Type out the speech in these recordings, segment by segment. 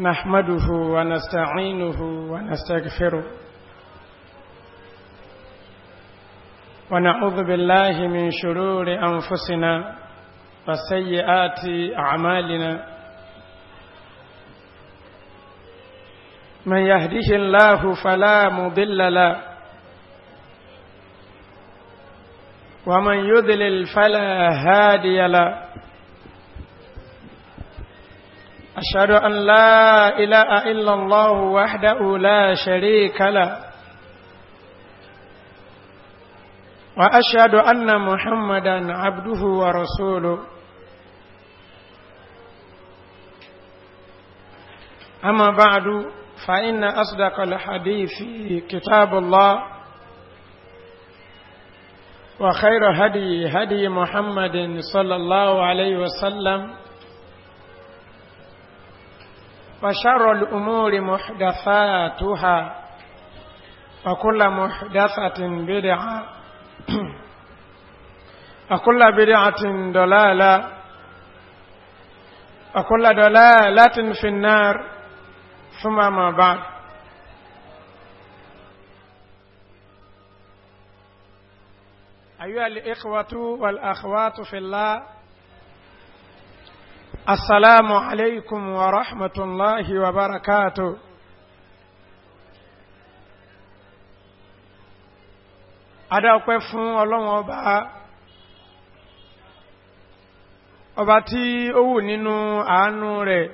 نحمده ونستعينه ونستغفره ونعوذ بالله من شرور أنفسنا وسيئات أعمالنا من يهده الله فلا مضل له ومن يذلل فلا هادي له أشهد أن لا إله إلا الله وحده لا شريك له وأشهد أن محمدا عبده ورسوله أما بعد فإن أصدق الحديث كتاب الله وخير هدي هدي محمد صلى الله عليه وسلم وشر الأمور محدثاتها وكل محدثة بدعة وكل بدعة ضلالة وكل ضلالة في النار ثم ما بعد أيها الإخوة والأخوات في الله السلام عليكم ورحمة الله وبركاته adáwọ̀pẹ́ fún ọlọ́wọ́n ọba ọba tí ó wù nínú àánú rẹ̀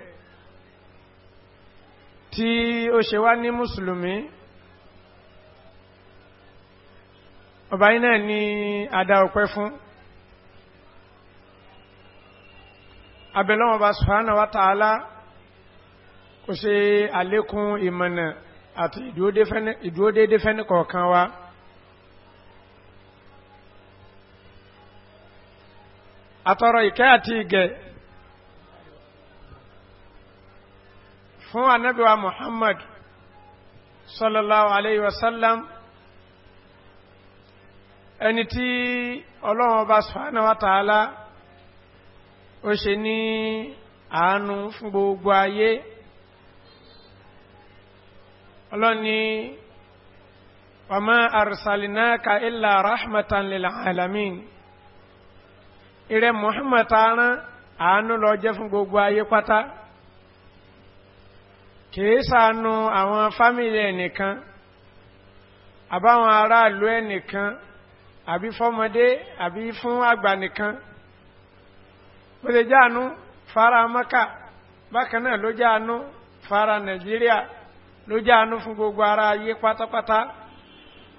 tí ó ṣe wá ní mùsùlùmí ọba iná ni adáwọ̀pẹ́ fún abẹ́lọ́wọ́n bá sùhánà wá tààlá kò ṣe àlékún ìmọ̀nà àti ìdúródédé fẹ́ni kọ̀ọ̀kan wa àtọ̀rọ̀ ìkẹ́ àti ìgẹ̀ fún anábíwa muhammad sallallahu alayhi wa sallam ẹni tí ọlọ́wọ́n bá sùhánà wá tààlá ó ṣe ní àánú fún gbogbo ayé ọlọ́ni ọmọ arsalinaka ilà rahmatan lil alamin ire muhammad aran àánú lọ jẹ́ fún gbogbo ayé pátá kìí sànú àwọn fámìlì ẹnìkan àbáwọn aráàlú ẹnìkan àbí fọmọdé àbí fún àgbà nìkan ó lè fara mọ́kà bákan náà ló jáàánú fara nàìjíríà ló jáàánú fún gbogbo ara ayé pátápátá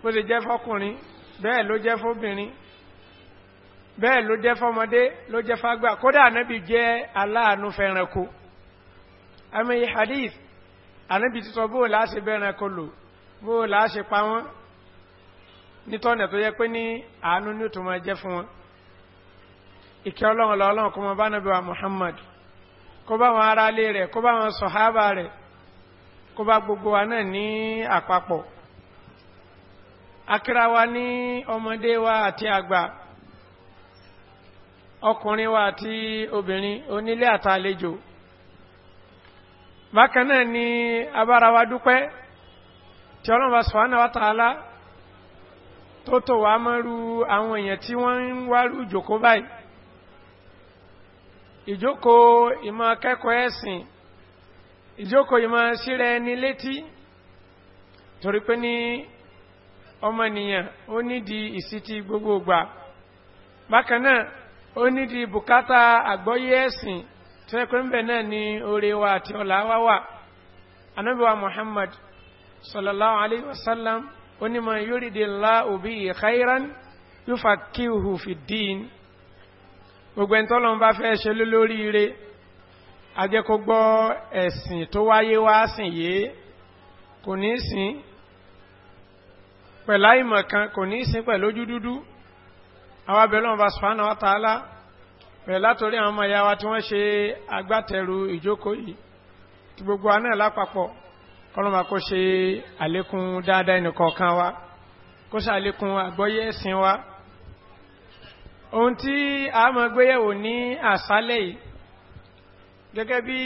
ó lè jẹ́ fọkùnrin bẹ́ẹ̀ ló jẹ́ fóbìnrin bẹ́ẹ̀ ló jẹ́ fọmọdé ló jẹ́ fágbà kódà ànábì jẹ́ aláàánú fẹ́ranko amẹ́yẹ hadith ànábì ti sọ bóò láṣẹ bẹ́ranko lò bóò láṣẹ pa wọ́n nítọ́nà tó yẹ pé ní àánú ní ó máa jẹ́ fún wọn ìkẹ́ ọlọ́run lọ ọlọ́run kó bá nàbí muhammad kó bá wọn ará lé rẹ̀ kó bá wọn sọ̀hábà rẹ̀ kó bá gbogbo wa náà ní àpapọ̀ akíra wa ní ọmọdé wa àti àgbà ọkùnrin wa àti obìnrin onílé àtàlejò bákan náà ni abára wa dúpẹ́ tí ọlọ́run bá sọ̀rọ̀ náà wá tààlà tó tó wàá mọ́rú àwọn èèyàn tí wọ́n ń wárú jòkó báyìí ìjókòó ìmọ̀ akẹ́kọ̀ọ́ ẹ̀sìn ìjókòó ìmọ̀ síra ẹni létí torí pé ní ọmọnìyàn ó nídìí ìsítí gbogbogbà bákan náà ó nídìí bùkátà àgbọ́yé ẹ̀sìn tó yẹ pé ń náà ní oore wa àti ọ̀la wá wà anábíwá muhammad sallallahu alayhi wa sallam onímọ̀ yóò rí de la òbí ìkhairan yóò fa kíhù fìdín gbogbo ẹni tọ́lọ́n bá fẹ́ ṣe lólóríire ajẹ́kó gbọ́ ẹ̀sìn tó wáyé wá sìn yìí kò ní sìn pẹ̀lá ìmọ̀ kan kò ní sìn pẹ̀lú ojú dúdú àwọn bá wa tí wọ́n ṣe agbátẹrù ìjókòó yìí tí gbogbo wa náà lápapọ̀ kọlọ́mà kó ṣe àlékún dáadáa ẹnìkọ̀ọ̀kan wa kó ohun tí a mọ̀ gbéyẹ̀wò ní àṣálẹ̀ yìí gẹ́gẹ́ bí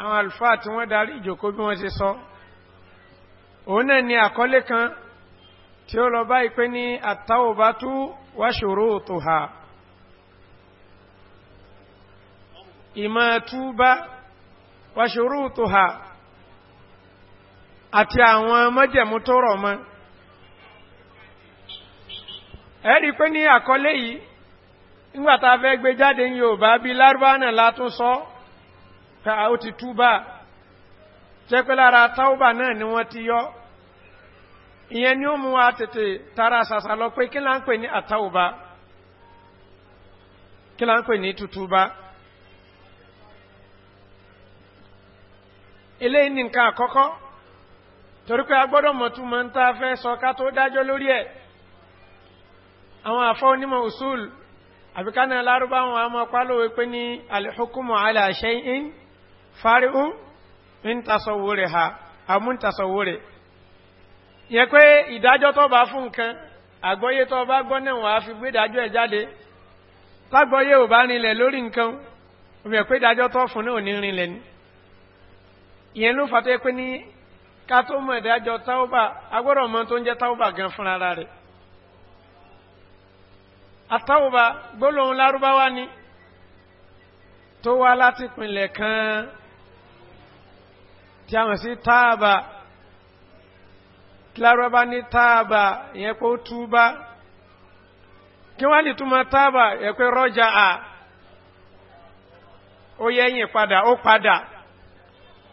àwọn àlùfáà tí wọ́n darí ìjòkó bí wọ́n ṣe sọ òun náà ni àkọlé kan tí ó lọ báyìí pé ní àtàwòbá tú wáṣòro tó ha ìmọ̀ wáṣòro tó ha àti àwọn mọ́jẹ̀mú tó rọ̀ mọ́ ẹ̀rí pé ní àkọlé yìí nígbàtà fẹ́ gbé jáde ní yorùbá bí lárúbá náà látún sọ ká ó ti túbà jẹ́ pé lára táúbà náà ni wọ́n ti yọ ìyẹn ni ó mú wa tètè tara sàṣà lọ pé kí là ń pè ní àtàwùbá kí là pè ní tutùbá ilé ní nǹkan àkọ́kọ́ mọ́ ń tá àwọn afọ onímọ̀ usul àbíkánà lárúbá a máa pálówé pé ní alìhukumu aláṣẹ in fari'u ń tasọ̀wò rẹ̀ ha àmú ń rẹ̀ yẹ pé ìdájọ́ tó bá fún nǹkan àgbọ́yé tó bá gbọ́ náà wà á fi gbé ìdájọ́ ẹ̀ jáde lágbọ́yé ò bá rinlẹ̀ lórí nǹkan òmìnir pé ìdájọ́ tó fún rinlẹ̀ ni ìyẹn ló fàtẹ́ pé ní ká tó mọ̀ ìdájọ́ agbọ́dọ̀ mọ́ tó ń jẹ́ gan fúnra rẹ̀ àtàwùbá gbólóhùn lárúbáwá ni tó wá láti pinlẹ̀ kan tí a mọ̀ sí táàbà kí lárúbáwá ní táàbà ìyẹn pé ó túbá kí wọ́n lè túmọ̀ táàbà ìyẹn pé rọ́jà à ó yẹ́yìn padà ó padà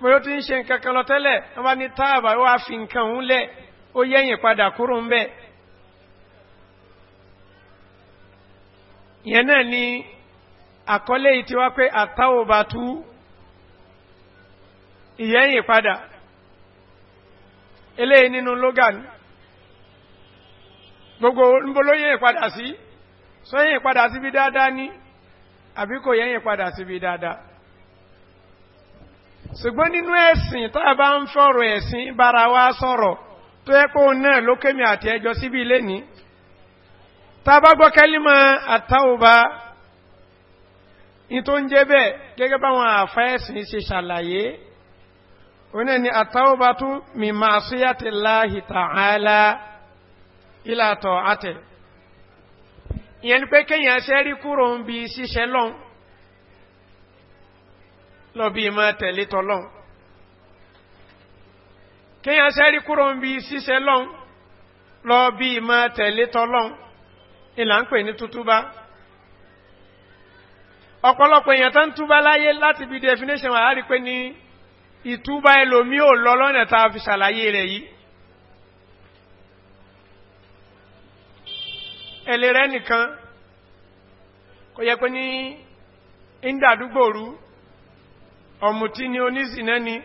pé ó ti ń ṣe nǹkan kan lọ tẹ́lẹ̀ wọ́n bá ní táàbà ó wá fi nǹkan òun lẹ̀ ó yẹ́yìn padà kúrò ń bẹ́ẹ̀. ìyẹn náà ni àkọlé yìí ti wá pé àtàwò bá tú ìyẹ́yìn padà eléyìí nínú logan gbogbo nbolóyìn padà sí sọ́yìn padà síbi dáadáa ní àbí kò yẹ́yìn padà síbi dáadáa ṣùgbọ́n nínú ẹ̀sìn tá bá ń fọ̀rọ̀ ẹ̀sìn bára wa sọ̀rọ̀ tó yẹ náà ló àti ẹjọ́ síbi lénìí tàbá gbọ́ kẹ́límọ̀ àtàwòbá ní tó ń báwọn àfẹ́ẹ̀sìn ṣe ṣàlàyé oní ni àtàwòbá tún mi máa síyàtì láàhì tààlà ìlàtọ̀ àtẹ̀ ìyẹn ni pé kéèyàn ṣe rí kúrò ń bi ṣiṣẹ́ lọ́n lọ bí ìmọ̀ tẹ̀lé tọ́lọ́n kéèyàn ṣe kúrò ń bi ṣiṣẹ́ lọ́n lọ bí ìmọ̀ tẹ̀lé tọ́lọ́n ìlà ń pè ní tútúbá ọ̀pọ̀lọpọ̀ èèyàn tó ń túbá láyé láti bí definition wà láti pé ní ìtúbá ẹlòmí ò lọ lọ́nà tá a fi ṣàlàyé rẹ̀ yìí ẹlẹ́rẹ́ nìkan kò yẹ pé ní ìdàdúgbòrú ọ̀mùtí ni onísìnẹ́ni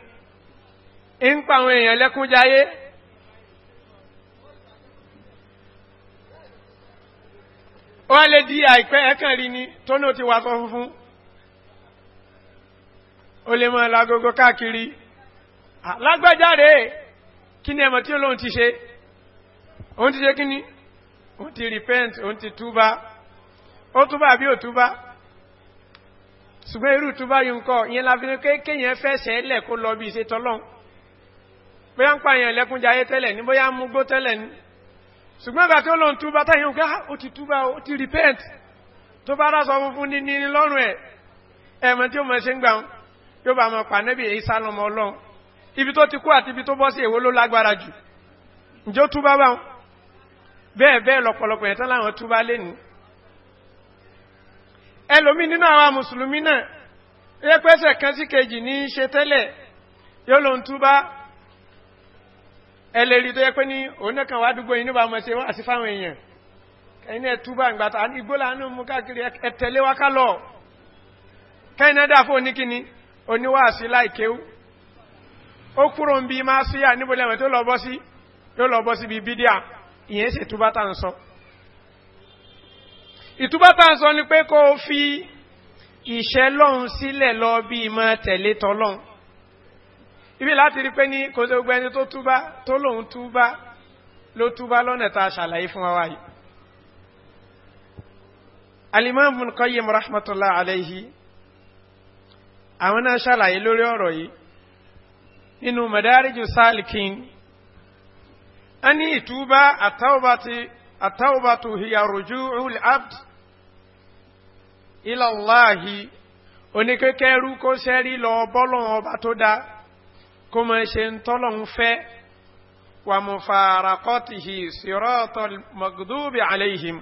ń pa àwọn èèyàn lẹ́kúnjáyé wọ́n lè di àìpẹ́ ẹ̀kàn rí ni tó náà ti wà sọ funfun o lè mọ́ lágogo káàkiri lágbàjáre kí ni ẹmọ̀ tí olóhun ti ṣe òun ti ṣe kí ni òun ti repent òun ti túbá ó túbá bí ò túbá ṣùgbọ́n irú túbá yìí ń kọ́ ìyẹn láfihàn kéèkéèyàn fẹ́ṣẹ̀ lẹ̀ kó lọ bí ìṣe bóyá ń pààyàn lẹ́kúnjayé tẹ́lẹ̀ ní bóyá mú gbó tẹ́lẹ̀ ní ṣùgbọ́n ìgbà tí ó lọ ń túbá táyé ń ká ah, ó ti túbá ó ti repent tó bá rásọ funfun ní ní lọ́rùn ẹ̀ ẹ̀mọ̀ tí ó mọ̀ ṣe ń gbà yóò bá mọ̀ èyí sálọmọ ọlọ́run ibi tó ti kú àti ibi tó bọ́ sí èwo ló lágbára jù ẹlẹ́rìí tó yẹ pé ní oníkan wá dúgbò yìí níbà mọ̀ ṣe wá sí fáwọn èèyàn ẹni ẹ̀túbà ìgbàta igbó lánà mú káàkiri ẹ̀tẹ̀lé wákà lọ kẹ́ẹ̀nẹ́dà fún oníkíní oníwàásí láìkéú ó kúrò ń bí máa sí à níbo lẹ́wọ̀n tó lọ bọ́ sí bí ibi láti rí pé ní kò sí gbogbo ẹni tó túbá tó lòun túbá ló túbá lọ́nà tá a ṣàlàyé fún wa wáyé alimami kọyim rahmatulah alayhi àwọn náà ṣàlàyé lórí ọ̀rọ̀ yìí nínú madariju salikin a ní ìtúbá àtàwùbátù hiyarujú ulabd ilallahi oníkẹ́kẹ́rú kó sẹ́rí lọ bọ́lọ̀ ọba tó dáa kó máa ṣe ń tọ́lọ́hún fẹ́ wà mú fara kọ́tìhì sírọ́tọ̀ mọ̀gdúbì àlẹ́yìn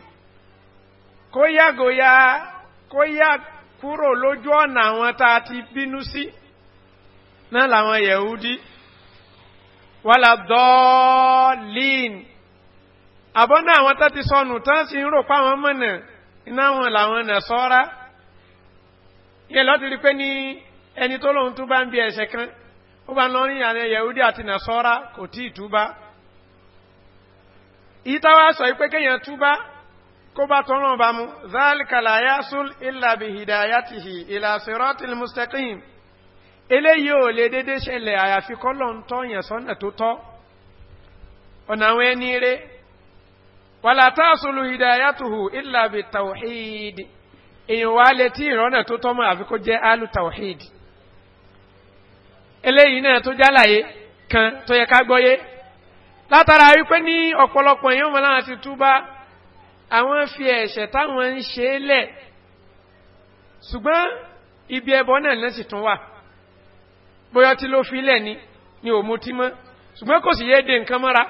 kó yàgò ya kó yà kúrò lójú ọ̀nà àwọn tá a ti bínú sí náà làwọn yẹ̀húdí wàlà dọ́ọ̀lìn àbọ́nà àwọn tó ti sọnù tán sí ń rò páwọn mọ̀nà iná wọn làwọn nà sọ́ra yẹ lọ́tìrí pé ní ẹni tó lóun tún bá ń bí ẹ̀ṣẹ̀ kan ó bá lọ rí àwọn yahudi àti nasọ́ra kò tí ì túbá ìtawà sọ pé kéèyàn túbá kó bá tọ́rọ̀ bá mu zálìkàlà yasul ìlàbí hidayatihi ìlàsírọ́tìl mustaqim eléyìí ò lè dédé ṣẹlẹ̀ àyàfi kọ́lọ̀ ń tọ́yàn sọ́nà tó tọ́ ọ̀nà àwọn ẹni rẹ̀ wàlá tásùlù hidayatuhu ìlàbí tawhid èèyàn wà lè tí ìrọ́nà tó tọ́ mọ́ àfikó jẹ́ alù tawhid eléyìí náà tó jálàyé kan tó yẹ ká gbọ́yé látara wípé ní ọ̀pọ̀lọpọ̀ yóò mọ́ láwọn ti túbá àwọn fi ẹ̀ṣẹ̀ táwọn ń ṣe lẹ̀ ṣùgbọ́n ibi ẹbọ náà náà sì tún wà bóyá tí ló fi lẹ̀ ni ni ò mutí mọ́ ṣùgbọ́n kò sì yé de nǹkan mọ́ra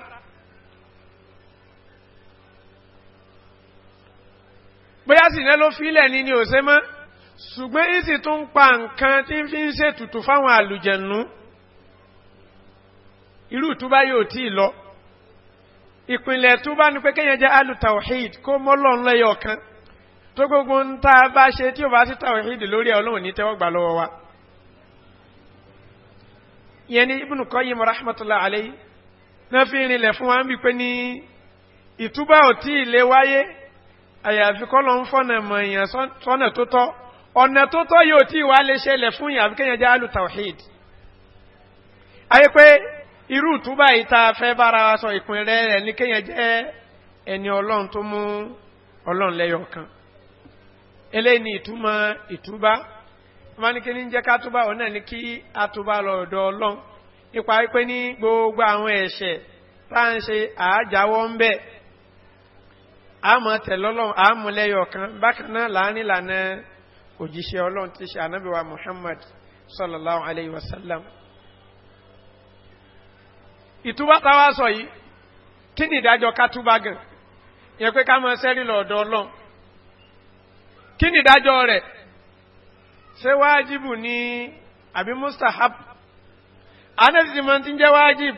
bóyá sì náà ló fi lẹ̀ ni ni ò ṣùgbọ́n ìsì tó ń pa nǹkan tí ń fi ń ṣètùtù fáwọn àlùjẹ̀nú irú túbá yóò tí ì lọ ìpìnlẹ̀ túbá ní pé kéyàn jẹ́ alùtàwhid kó mọ́lọ́n lẹ́yọ kan tó gbogbo ń ta bá ṣe tí ò bá sí tàwhid lórí ọlọ́run ní tẹ́wọ́gbà lọ́wọ́ wa ìyẹn ni ibùn kọ́yìm rahmatullahi alayhi náà fi rinlẹ̀ fún wa ń bí pé ní ìtúbá ò tí ì wáyé àyàfi kọ́ ń fọ́nà mọ̀ èèyàn sọ́nà tó tọ́ ọ̀nà tó tọ́ yóò tí wà lè ṣẹlẹ̀ fún ìyàn àbíkẹ́yàn jẹ́ alùtàwhid ayé pé irú túbà ìta fẹ́ bára sọ ìpín rẹ̀ ní kéyàn jẹ́ ẹni ọlọ́run tó mú ọlọ́run lẹ́yọ kan eléyìí ni ìtumọ̀ ìtúbà ma ní kí ní jẹ́ ká ọ̀nà ní kí a lọ́dọ̀ ọlọ́run nípa wípé ní gbogbo àwọn ẹ̀ṣẹ̀ tá ń ṣe àájáwọ́ ń bẹ̀ kan bákan náà láàrin òjíṣẹ́ ọlọ́run ti ṣe anábíwa muhammad sallallahu alayhi wa sallam ìtúbá táwa sọ yìí kí ni ìdájọ́ ká túbá gan yẹn pé ká máa sẹ́rí lọ́dọ̀ ọlọ́run kí ni ìdájọ́ rẹ̀ ṣé wájibù ni àbí mustahab anẹ́sìtì máa ti ń jẹ́ wájib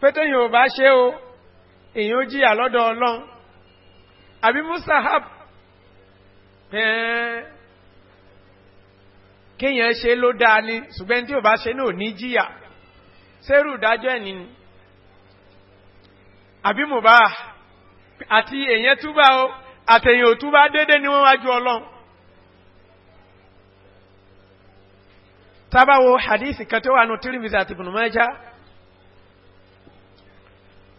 pété yìí ò bá ṣe o èyàn ó jìyà lọ́dọ̀ ọlọ́run àbí mustahab ẹ̀ẹ́ kéèyàn ṣe ló dáa ní ṣùgbọ́n tí ò bá ṣe náà ní jíyà sẹ́rù dájọ́ ẹ̀ní ni àbí mo bá àti èèyàn túbà o àtẹ̀yìn òtúbà dédé ni wọ́n wájú ọlọ́run tábàwò hadith kan tó wà nù tírìmìsì àti bùnùmọ́já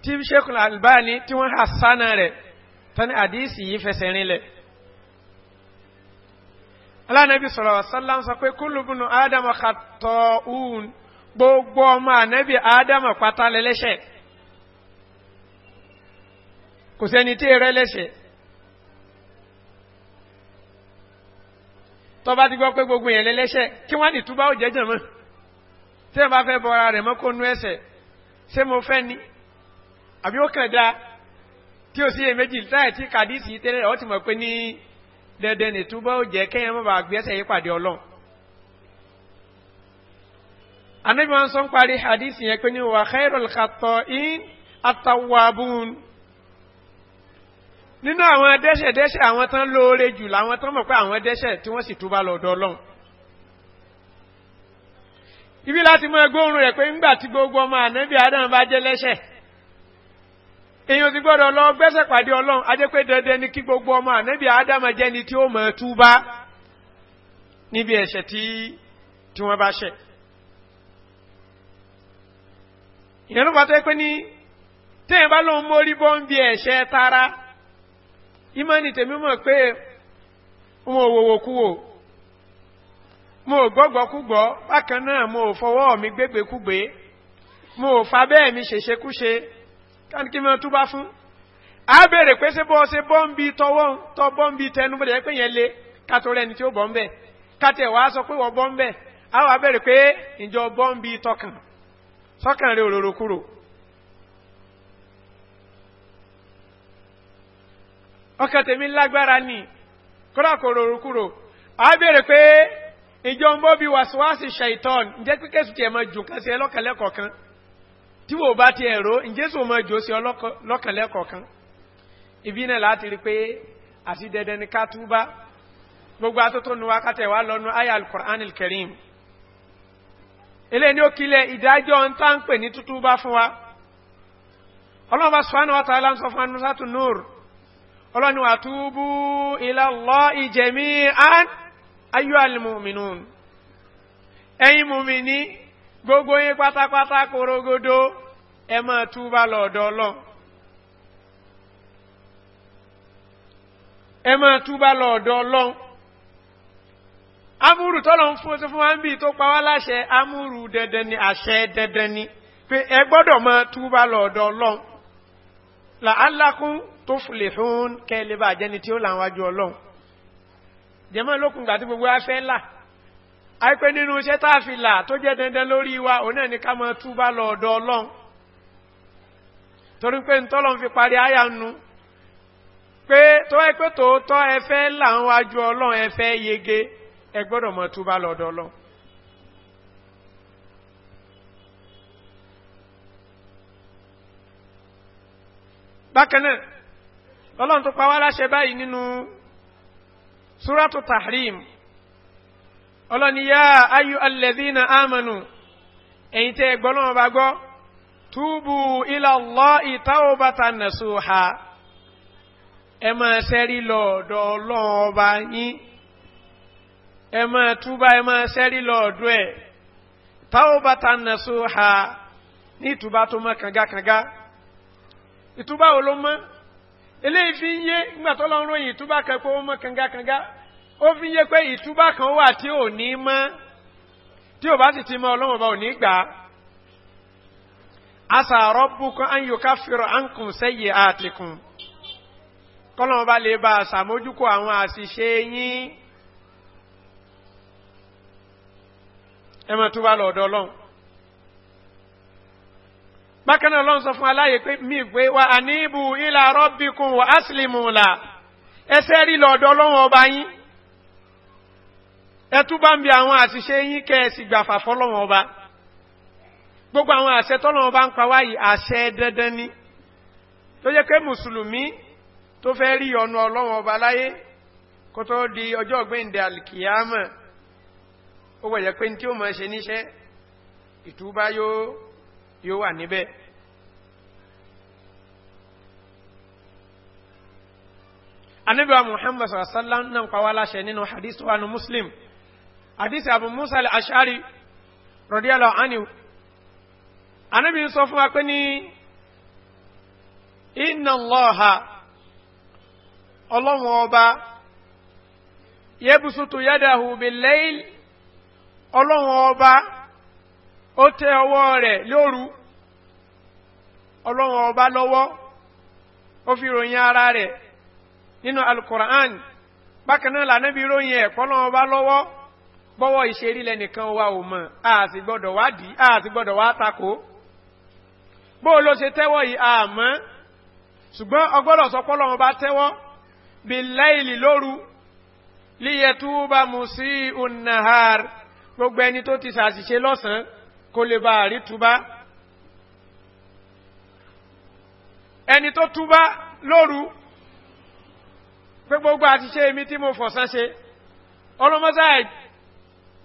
tí sheikh albani tí wọ́n hasana rẹ̀ tani hadith yìí fẹsẹ̀ rinlẹ̀ alánàbí sọ̀rọ̀ ọ̀sánlá ń sọ pé kúlùbùnú ádámà kàtọ́ ùn gbogbo ọmọ ànẹ́bí ádámà pátá lẹ́lẹ́ṣẹ̀ kò sẹ́ni tí èrè lẹ́ṣẹ̀ tọ́ bá ti gbọ́ pé gbogbo yẹn lẹ́lẹ́ṣẹ̀ kí wọ́n ní túbá òjẹ́ jẹ̀ mọ́ tí wọ́n bá fẹ́ bọ ara rẹ̀ mọ́ kó nú ẹsẹ̀ ṣé mo fẹ́ ni àbí ó kàn dá tí ò sí èméjì táyà tí kàdísì tẹ́lẹ̀ ọ́ ti mọ̀ pé ní dẹ́dẹ́ ní túbọ̀ ó jẹ́ kẹ́yìn mọ́ bá gbẹ́sẹ̀ yí pàdé ọlọ́run anabi wọn sọ ń parí hadith yẹn pé ní wà khairul khatọ in atawabun nínú àwọn dẹ́sẹ̀dẹ́sẹ̀ àwọn tán lóore jù láwọn tán mọ̀ pé àwọn dẹ́sẹ̀ tí wọ́n sì túbọ̀ lọ́dọ̀ ọlọ́run ibi láti mọ ẹgbẹ́ òun rẹ̀ pé ńgbà tí gbogbo ọmọ ànẹ́bí adam bá jẹ́ lẹ́sẹ̀ èèyàn ti gbọ́dọ̀ lọ gbẹ́sẹ̀ pàdé ọlọ́run ajẹ́ pé dandan ni kí gbogbo ọmọ ànábì ádámà jẹ́ ni tí ó mọ̀ túbá níbi ẹ̀ṣẹ̀ tí wọ́n bá ṣẹ̀ tara ìmọ̀ni tèmi mọ̀ mo wòwò kú mo gbọ́gbọ́ kú gbọ́ bákan náà mo fọwọ́ mi gbégbé kú mo fa bẹ́ẹ̀ mi ṣèṣekúṣe. kánikí máa fún a bèèrè pé ṣe bọ́ tọwọ́ tọ bọ́m̀bí tẹnu bẹ̀rẹ̀ pé yẹn lé kátó rẹ̀ ní tí ó bọ́m̀bẹ̀ kátẹ̀ wàá sọ pé wọ́n a wà pé ìjọ tọkàn sọ́kàn rẹ̀ òróró kúrò ọkàn tèmi lágbára kúrò a bèèrè pé ìjọ ń bọ́ ṣàìtọ́n kẹ́sùtì jù tí wò bá ti ẹ̀rọ ǹjẹ́ sọ mọ jò sí ọlọ́kànlẹ́kọ̀ọ́ kan ibi náà láti rí pé àti dẹdẹ ni ká túbá gbogbo atótó nu wákàtẹ̀ wá lọ́nu ayé alukur'an kẹrin eléyìí ni ó kílẹ̀ ìdájọ́ ń tá ń pè ní tútúbá fún wa ọlọ́run bá sọ́nà wàtá ń sọ fún anúsátù nur ọlọ́run wà túbú ilá lọ ìjẹ̀mí ayé alimuminu ẹ̀yin mumini gbogbo yín pátápátá korogodo ẹ máa túbá lọ́dọ̀ ọlọ́run ẹ máa túbá lọ́dọ̀ ọlọ́run amúrù tọ́lọ̀ ń fún fún wa ń bí tó pa láṣẹ amúrù dandan ni àṣẹ dandan ni pé ẹ gbọ́dọ̀ máa túbá lọ́dọ̀ ọlọ́run là alákún tó fìlè fún kẹ́lẹ́bà jẹ́ni tí ó làwájú ọlọ́run jẹ́mọ́ lókùngbà tí gbogbo afẹ́ là àìpé nínú iṣẹ́ táàfilà tó jẹ́ dandan lórí wa òun náà ní ká mọ́ túbá lọ ọ̀dọ̀ ọlọ́run torí pé ntọ́lọ́n fi parí àyà nu pé tó ẹ pé tòótọ́ ẹ fẹ́ làwọn wájú ọlọ́run ẹ fẹ́ yege ẹ mọ́ túbá lọ ọ̀dọ̀ ọlọ́run. bákan náà tó pa wá láṣẹ báyìí nínú súrátù tahrim ọlọ́ni yá ayú alẹ́dínà ámànù ẹ̀yìn tẹ́ gbọ́lọ́wọ́ bá gbọ́ túbù ilá lọ ìtawọ̀ bàtà nàṣòhà ẹ máa sẹ́rí lọ́ọ̀dọ̀ ọlọ́wọ́ bá yín ẹ máa túbà ẹ máa sẹ́rí lọ́ọ̀dọ̀ ẹ̀ táwọ̀ bàtà nàṣòhà ní ìtúbà tó mọ́ kàngakànga ìtúbà wo ló mọ́ ń yé ìgbà tó lọ́rùn mọ́ kàngakànga ó fi yé pé ìtúbà kan wà tí ò ní mọ́ tí ò bá sì ti mọ́ ọlọ́run ọba ò ní gbà á asa rọ́bùkún anyòká fìrọ̀ ànkùn sẹ́yẹ àtìkùn kọ́lọ́run ọba lè bá àṣàmójúkọ àwọn àṣìṣe yín ẹ tó bá lọ́dọ̀ ọlọ́run bákan náà lọ́n sọ fún aláyè pé mi pé wa àníbù ìlà rọ́bìkún wà á sílìmù là ẹsẹ́ rí lọ́dọ̀ ọlọ́run ọba yín ẹtú bá ń bi àwọn àṣìṣe yín kẹ́ẹ̀sì gbàfà fọ́lọ́wọ́n ọba gbogbo àwọn àṣẹ tọ́lọ́wọ́n bá ń pa wáyìí àṣẹ dandan ni tó jẹ́ pé mùsùlùmí tó fẹ́ rí ọ̀nà ọlọ́wọ́n ọba láyé kó tó di ọjọ́ ọ̀gbẹ́ǹdẹ̀ alkiyama ó wẹ̀yẹ̀ pé tí ó mọ̀ ṣe níṣẹ́ ìtúbá yóò wà níbẹ̀ anábíwá muhammad sallallahu alaihi wasallam náà pa wá láṣẹ nínú hadith wa nu muslim àdísì Abu musa al'ashari rọ̀díàlọ̀ aniu anábi sọ fún wa ní iná ha ọlọ́run ọba yẹ́bùsùtù yádàhù bèlẹ́ìl ọlọ́run ọba ó tẹ ọwọ́ rẹ̀ ọlọ́run ọba lọ́wọ́ ó fi ròyìn ara rẹ̀ nínú alkùrán bákanáà lànàbí ròyìn ẹ̀kọ́ bọ́wọ́ ìṣerí lẹ́nìkan wa ò mọ̀ àti gbọ́dọ̀ wádìí àti gbọ́dọ̀ wá takò bó ló ṣe tẹ́wọ́ yìí àmọ́ ṣùgbọ́n ọgbọ́dọ̀ sọpọ́lọ́ wọn bá tẹ́wọ́ bí láìlì lóru líyẹtúbà mú sí unahar gbogbo ẹni tó ti ṣàṣìṣe lọ́sàn kó lè bá rí túbá ẹni tó túbá lóru pé gbogbo àtiṣe mi tí mo fọ̀sán ṣe ọlọ́mọ́sáà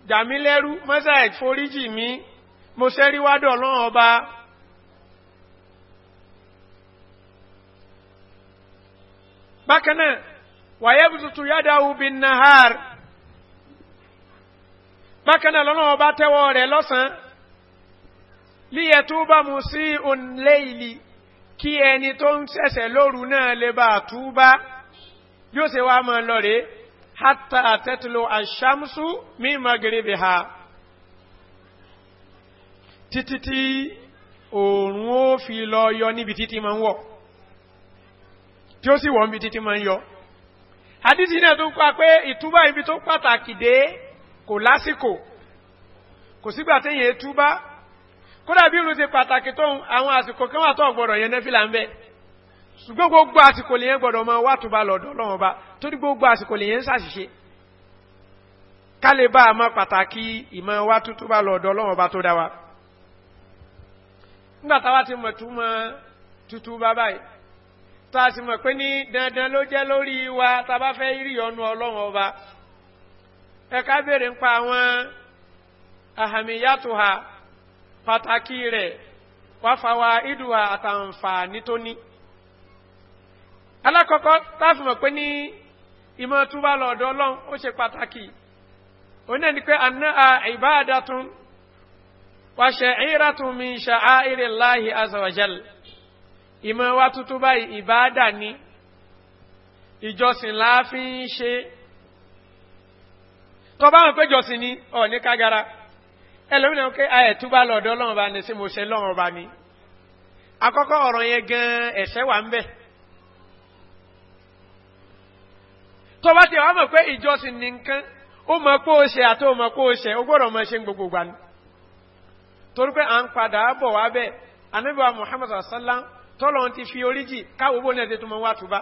dàmílẹ́rú mọ́sá ìforíjì mi mo sẹ́ríwádọ̀ lọ́n ọba bákanáà wàyẹ́bù tuntun yádáwù bí nahar bákanáà lọ́nà ọba tẹ́wọ́ rẹ̀ lọ́sàn líyẹ tó bá mú sí òǹlẹ́ ìlì kí ẹni tó ń sẹ́sẹ̀ lóru náà lè bá túbá yóò se wá mọ́ lọ́rẹ̀ẹ́ hatta a Shamsu mi magrebi ha títí tí òòrùn fi lọ yọ níbi títí ma ń wọ̀ tí ó sì wọ̀ níbi títí ma ń yọ àdíjì náà tó ń pa pé ìtúbà ibi tó pàtàkì dé kò lásìkò kò sígbà tí èyàn túbá kódà bí irun ṣe pàtàkì tó àwọn àsìkò kan wà tó ọ̀gbọ̀rọ̀ yẹn nẹ́fìlà ń bẹ́ẹ̀ ṣùgbọ́n gbogbo àsìkò lèyẹn gbọ́dọ̀ máa wá tó bá lọ́dọ̀ ọlọ́run ọba torí gbogbo àsìkò lèyẹn ń ṣàṣìṣe ká lè bá a mọ pàtàkì ìmọ̀ wá tó tó bá lọ́dọ̀ ọlọ́run ọba tó dá wa. nígbà táwa ti mọ̀ tó mọ tuntun bá báyìí tá a sì mọ̀ pé ní dandan ló jẹ́ lórí wa tá a bá fẹ́ rí ọ̀nà ọlọ́run ọba ẹ̀ka béèrè ń pa àwọn àhàmìyàtò pàtàkì rẹ̀ wáfàwa ìdùwà àtàǹfààní tó alákọ̀ọ́kọ́ táàfìmọ̀ pé ní ìmọ̀ túbá lọ́dọ̀ ọlọ́run ó ṣe pàtàkì oní ẹni pé àná ìbáàdá tún wà mi ṣe á ìrè láàyè azọ̀jẹ́l ìmọ̀ wa tuntun báyìí ìbáàdá ni ìjọsìn láàfin ṣe ni ọ̀ ní kágara ẹlòmínà pé ayẹ̀ túbá lọ́dọ̀ ọlọ́run bá ní sí mo ṣe lọ́run bá ní akọ́kọ́ ọ̀rọ̀ yẹn gan ẹ̀ṣẹ́ wà ń bẹ́ẹ̀ tó bá ti wá mọ̀ pé ìjọsìn ní nǹkan ó mọ̀ pé ó ṣe àti ó mọ̀ pé ó ṣe ó gbọ́dọ̀ mọ̀ ṣe gbogbo gbà ní torí pé à ń padà bọ̀ wá bẹ́ẹ̀ anábíwá muhammad sallam tọ́lọ̀ ti fi oríjì káwọ́ bó náà ti tún mọ́ wá túbá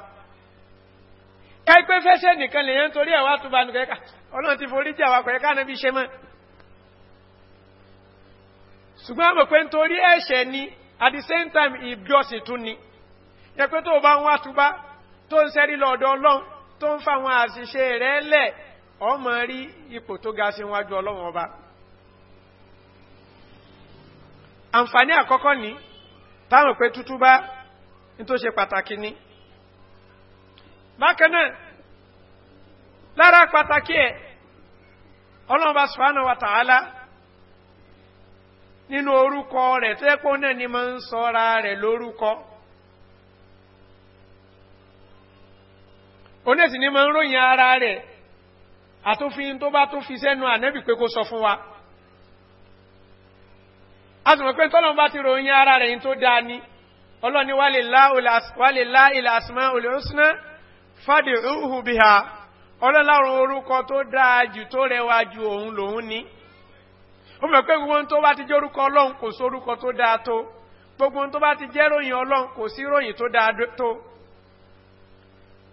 káìpé fẹ́ṣẹ́ nìkan lèyàn torí ẹ̀wá túbá nìkan ẹ̀ka ọlọ́run ti foríjì àwọn akọ̀yẹ́ káà níbi ṣe mọ́ ṣùgbọ́n àmọ̀ pé nítorí ẹ̀ṣẹ̀ ni at the same time ìjọsìn tún ni yẹ pé tó bá ń wá túbá tó ń sẹ́rí lọ́ọ̀dọ̀ ọlọ́run tó ń fáwọn àṣìṣe rẹ̀ lẹ̀ ọmọ rí ipò tó ga sí wájú ọlọ́wọ́n ọba àǹfààní àkọ́kọ́ ní táwọn pé tútú bá ní tó ṣe pàtàkì ní bákan náà lára pàtàkì ẹ̀ ọlọ́run bá sùfàánà wa tààlà nínú orúkọ rẹ̀ tó náà ni máa ń sọra rẹ̀ lórúkọ onẹ́sì ni máa ń ara rẹ̀ àtúnfin tó bá tún fi sẹ́nu ànẹ́bì pé kó sọ fún wa a sì mọ̀ pé tọ́lọ́n bá ti ròyìn ara rẹ̀ yìí tó dáa ni ọlọ́ni wálé lá ilẹ̀ àsìmá olùsùnà fàdé rúhù bí ha ọlọ́láwọn orúkọ tó dáa jù tó rẹwà ju òun lòun ni ó mọ̀ pé gbogbo tó bá ti jẹ́ orúkọ ọlọ́run kò sí tó dáa tó ti jẹ́ ròyìn ọlọ́run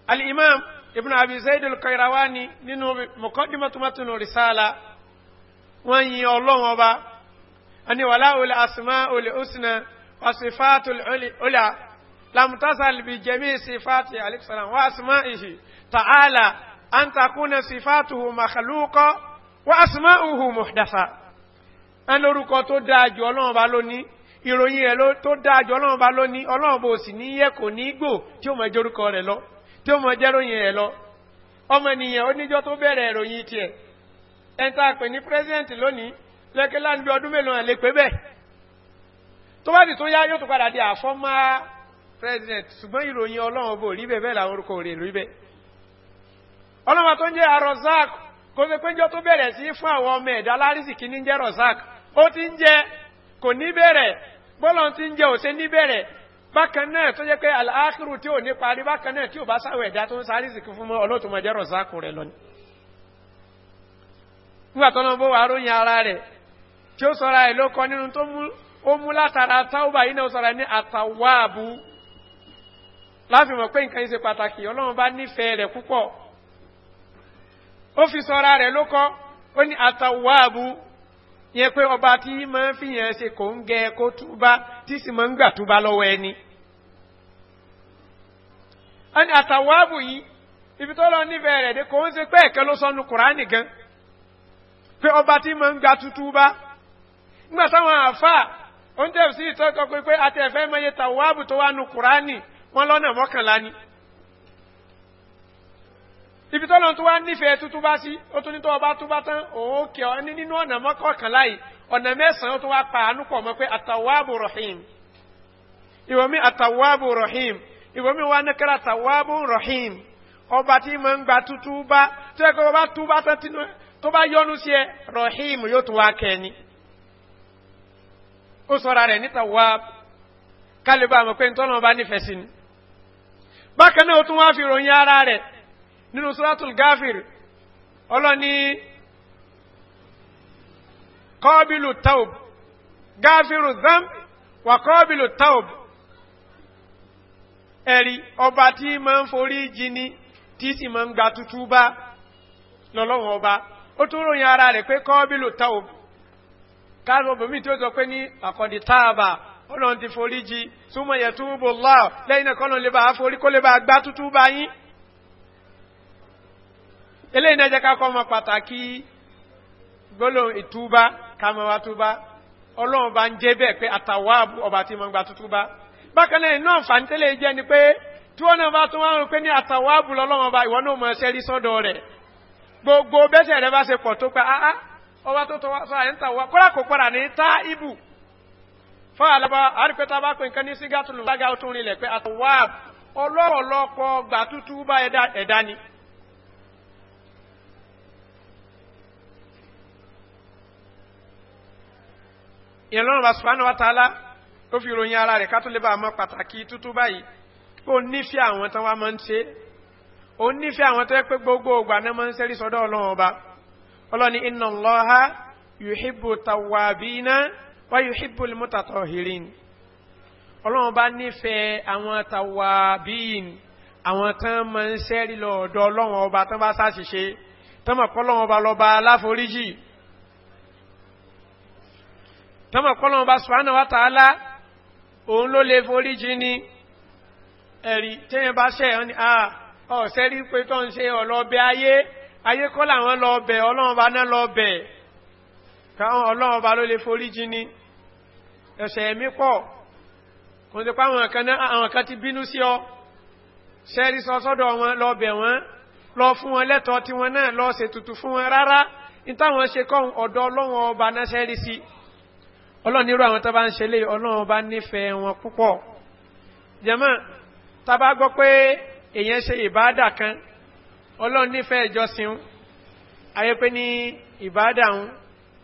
al'imam ibn abi zaidul kairawani nínú mọ̀kọ́dímọ̀túnmọ̀tún risala wọ́n yí ọlọ́run ọba a ni wàlá olè asìmá olè òsìnà wàsífàtù olè lamtasa albi jami sifati alifisalam wa asìmá ihi ta'ala an takuna sifatuhu makhalukọ wa asìmá uhu muhdasa an lórúkọ tó dájú ọlọ́run ọba lónìí ìròyìn ẹ̀ tó dájú ọlọ́run ọba lónìí ọlọ́run bó sì ní yẹ kò ní gbò tí ó mọ̀ ẹjọ́rúkọ rẹ̀ lọ tí ó mọ jẹ́ròyìn ẹ̀ lọ ọmọ ènìyàn oníjọ́ tó bẹ̀rẹ̀ ìròyìn tiẹ̀ ẹ̀ńtà pè ní pírẹ́sìdẹ̀ntì lónìí lẹ́kẹ́ láti bí ọdún mélòó lè pé bẹ́ẹ̀ tó bá sì tó yá yóò tó padà di àfọ́má pírẹ́sìdẹ̀ntì ṣùgbọ́n ìròyìn ọlọ́run bò rí bẹ́ẹ̀ bẹ́ẹ̀ làwọn orúkọ rẹ̀ rí bẹ́ẹ̀ ọlọ́run tó ń jẹ́ arọ́zák kò sí péjọ tó bẹ̀rẹ̀ sí fún àwọn ọmọ ẹ̀dá lárísìkí ní jẹ́ rọ́zák ó ti ń jẹ kò ní bẹ̀rẹ̀ bọ́lọ̀ ti ń jẹ òṣè ní bẹ̀rẹ̀ bákan náà tó jẹ́ pé aláàkìrù tí ò ní parí bákan náà tí ò bá sáwọ̀ ẹ̀dá tó ń sáré ìsìnkú fún ọlọ́tùmọ̀ jẹ́rọ̀ sáàkù rẹ̀ lọ ní nígbàtọ́nà bó wà ròyìn ara rẹ̀ tí ó sọ́ra ẹ̀ ló kọ nínú tó mú látara táwọ́bà yìí náà sọ́ra ní láti mọ̀ pé nǹkan yìí ṣe pàtàkì ọlọ́run bá fi sọ́ra rẹ̀ ló yẹn pé ọba tí máa fi yẹn ṣe kò ń gẹ kó túbá tí sì máa ń gbà túbá lọ́wọ́ ẹni. ẹni àtàwáàbù yìí ibi tó lọ nífẹ̀ẹ́ rẹ̀ dé kò ń ṣe pé ẹ̀kẹ́ ló sọnu kùránì gan pé ọba tí máa ń gba tútú nígbà táwọn àáfàá oúnjẹ sí ìtọ́jọ́ pé pé àtẹ̀fẹ́ mẹ́yẹ tàwáàbù tó wà nu kùránì wọn lọ́nà mọ́kànlá ni ibi tọ́lọ́n tó wá nífẹ̀ẹ́ tuntun bá sí ó tún ní tó ọba túbá tán òun ó kẹ ọ ní nínú ọ̀nà mọ́kànlá yìí ọ̀nà mẹ́sàn-án ó wá pa àánú pọ̀ mọ́ pé àtàwáàbò rahim ìwọ̀mí àtàwáàbò rahim ìwọ̀mí wa nẹ́kẹ́rẹ́ àtàwáàbò rahim ọba tí mo ń gba tuntun bá tó yẹ kó ọba túbá tán tó bá yọnu sí ẹ rahim yóò tún wá kẹ́ni bákan náà ó tún wá fi ròyìn ara rẹ̀ nínú suratul gáfìr ọlọ́ni kọ́bílù taub gáfìrù zam wà kọ́bílù taub ẹ̀rí ọba tí ma ń forí jini tí sì ma ń gba tutù bá lọ́lọ́wọ́ ọba ó tún ròyìn ara rẹ̀ pé kọ́bílù taub káàrùn obìnrin tí ó sọ pé ní àkọ́dì táàbà ọlọ́run ti forí ji súnmọ̀ yẹ̀ túbò lọ́ọ̀ lẹ́yìn náà kọ́nà lè bá forí kó lè bá gbá tutù bá yín eléyìí náà jẹ́ ká kọ́ ọmọ pàtàkì gbólóhùn ìtúbá kàmọ́wá túbá ọlọ́run bá ń jẹ́ bẹ́ẹ̀ pé àtàwáàbù ọba tí mo gbà tuntun bá bákan náà iná ni pé tí wọ́n náà bá tún wá ní náà gbogbo bẹ́sẹ̀ rẹ bá ṣe pọ̀ tó pé áá ọba tó tọwọ́ sọ àyẹ̀ ń kọ́lá kò padà ní tá ibù fún ìyẹn lọ́nà bá sùpánù wa tààlà ó fi ròyìn ara rẹ̀ ká tó lè bá àmọ́ pàtàkì tútú báyìí pé ó nífẹ̀ẹ́ àwọn tán wá máa ń ṣe ó nífẹ̀ẹ́ àwọn tó yẹ pé gbogbo ògbà náà máa ń ṣẹ́rí sọ́dọ̀ ọlọ́run ọba ọlọ́ni iná lọ́ha yòhìbò tàwàbínà wá yòhìbò mọ́tàtọ̀ hìrín ọlọ́run ọba nífẹ̀ẹ́ àwọn tàwàbíyìn àwọn tán máa ń ṣẹ́rí lọ́ọ̀dọ̀ ọlọ́run ọba tán bá sáṣìṣe tán mọ̀ kọ́ tọ́mọ̀ kọ́lọ̀mù bá sùpánà wá tààlá òun ló lè forí jí ní ẹ̀rí tẹ́yẹn bá ṣẹ̀ ọ́ ni a ọ̀sẹ́ rí pé tọ́ ń ṣe ọlọ́ọ̀bẹ ayé ayé kọ́ làwọn lọ́ọ̀bẹ̀ ọlọ́run bá ná lọ́ọ̀bẹ̀ káwọn ọlọ́run bá ló lè forí jí ní ẹ̀sẹ̀ ẹ̀mí pọ̀ kò sí pé àwọn kan ti bínú sí wọn lọ́ọ̀bẹ̀ wọn lọ fún wọn lẹ́tọ̀ọ́ tí wọn náà lọ́ọ̀ṣẹ̀ tuntun fún wọn rárá ní táwọn ṣe kọ́ ọ̀dọ́ ọlọ́run ọba náà ṣẹ́rí sí i ọlọ́run irú àwọn tó bá ń ṣe lé ọlọ́run bá nífẹ̀ẹ́ wọn púpọ̀ jẹ́mọ́ tá gbọ́ pé èèyàn ṣe ìbáàdà kan ọlọ́run nífẹ̀ẹ́ ìjọsìn ayé pé ní ìbáàdà òun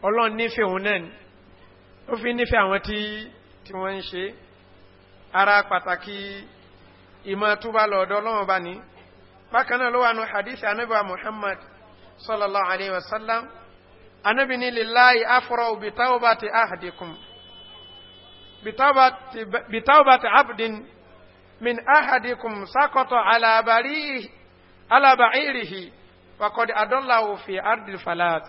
ọlọ́run nífẹ̀ẹ́ òun náà ni ó fi nífẹ̀ẹ́ àwọn tí tí wọ́n ń ṣe ara pàtàkì ìmọ̀ tó bá lọ ọ̀dọ̀ ọlọ́run bá ní bákan náà ló wà nù hadith anábà muhammad sallallahu alayhi wa sallam anabi ni lillahi afrau bitawbati ahdikum bitawbati bitawbati abdin min ahadikum sakata ala barihi ala ba'irihi wa qad adallahu fi ardi falat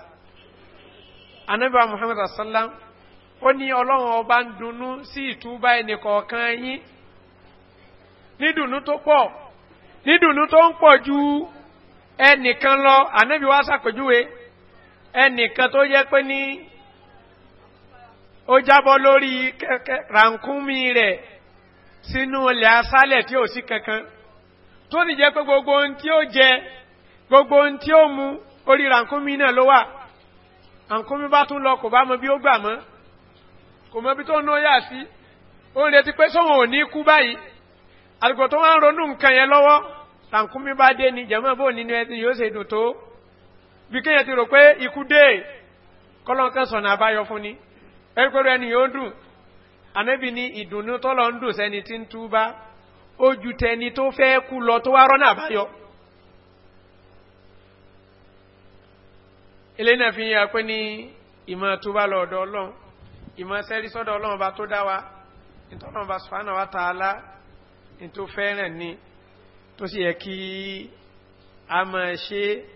anabi muhammad sallam ó ní ọlọ́run ọba ń dunnú sí ìtúbá ẹnì kọ̀ọ̀kan yín ní dùnnú tó pọ̀ ní dùnnú tó ń pọ̀ ju ẹnìkan ẹnìkan tó jẹ́ pé ní ó jábọ́ lórí rànkúnmí rẹ̀ sínú ilẹ̀ asálẹ̀ tí ò sí kankan tó ní jẹ́ pé gbogbo ohun tí ó jẹ gbogbo ohun tí ó mu orí rànkúnmí náà ló wà rànkúnmí bá tún lọ kò bá mọ bí ó gbà mọ́ kò mọ bí tó ń lóyà sí ó ń retí pé sóhun ò ní kú báyìí àdùgbò tó wá ń ronú nǹkan yẹn lọ́wọ́ rànkúnmí bá dé ni jẹ̀mọ́ bò nínú ẹni yóò ṣe dùn tó bí kéèyàn ti rò pé ikú dé kọ́lọ́nkán sọ̀nà àbáyọ fún ni ẹgbẹ́rẹ́ ẹni yóò dùn ànábì ni ìdùnnú tọ́lọ ń dùn sẹ́ni tí ń túbá ojú tẹni tó fẹ́ kú lọ tó wá rọ́nà àbáyọ. eléyìí náà fi hàn pé ní ìmọ̀ túbá lọ ọ̀dọ̀ ọlọ́run ìmọ̀ sẹ́rí sọ́dọ̀ ọlọ́run bá tó dá wa nítorí ọba sùfàánà wa ta alá ní tó fẹ́ràn ni tó sì yẹ kí a máa ṣe é.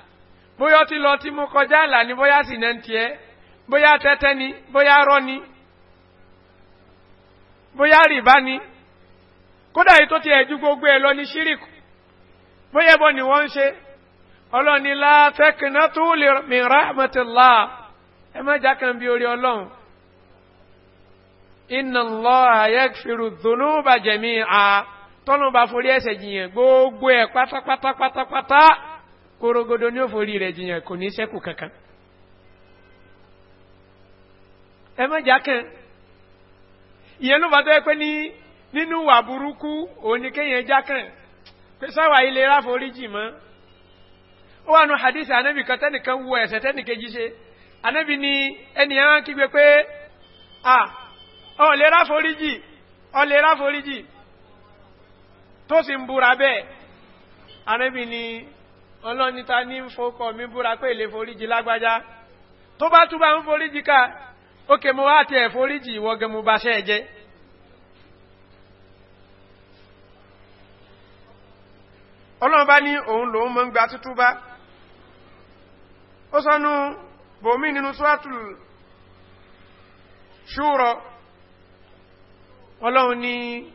bóyá ọtí lọ tí mo kọjá àlà ni bóyá sì náà ń tiẹ́ bóyá tẹ́tẹ́ ni bóyá rọ́ ni bóyá rìbá ni kódà yìí tó ti ẹ̀jú gbogbo ẹ̀ lọ ní ṣíríkù bóyá bọ́ ni wọ́n ń ṣe ọlọ́ni láfẹ́kìnná tó lè mìíràn àmọ́tìlá ẹ má jákan bí orí ọlọ́run iná lọ àyẹ́fìrù dùnú bàjẹ́mí à tọ́nù bá forí ẹ̀sẹ̀ jìyàn gbogbo ẹ̀ pátápátápátápátá korogodo ní òfòrí rẹ jiyan kò ní sẹ́kù kankan ẹ mọ̀já kan ìyẹn ló bá tọ́ pé ní nínú wà burúkú òní kéèyàn já kan pé sáwà ilé ráforí jì mọ́ ó wà nù hadith anábì kan tẹ́nìkan wo ẹ̀sẹ̀ tẹ́nìkejì ṣe anábì ni ẹnìyàn wá kígbe pé à ọ̀lẹ́ ráforí jì ọ̀lẹ́ ráforí jì tó sì ń búra bẹ́ẹ̀ Anabi ni ta ní ń fọ́kọ̀ mi búra pé èlé foríjì lágbájá tó bá túbá ń foríjì ká ókè ti ẹ̀ foríjì ìwọ́gẹ mo bá ṣẹ́ jẹ́ ọlọ́run ní òun lòun mọ́ ń gba tútú bá ó sọ́nú bòmí nínú ṣúrọ ní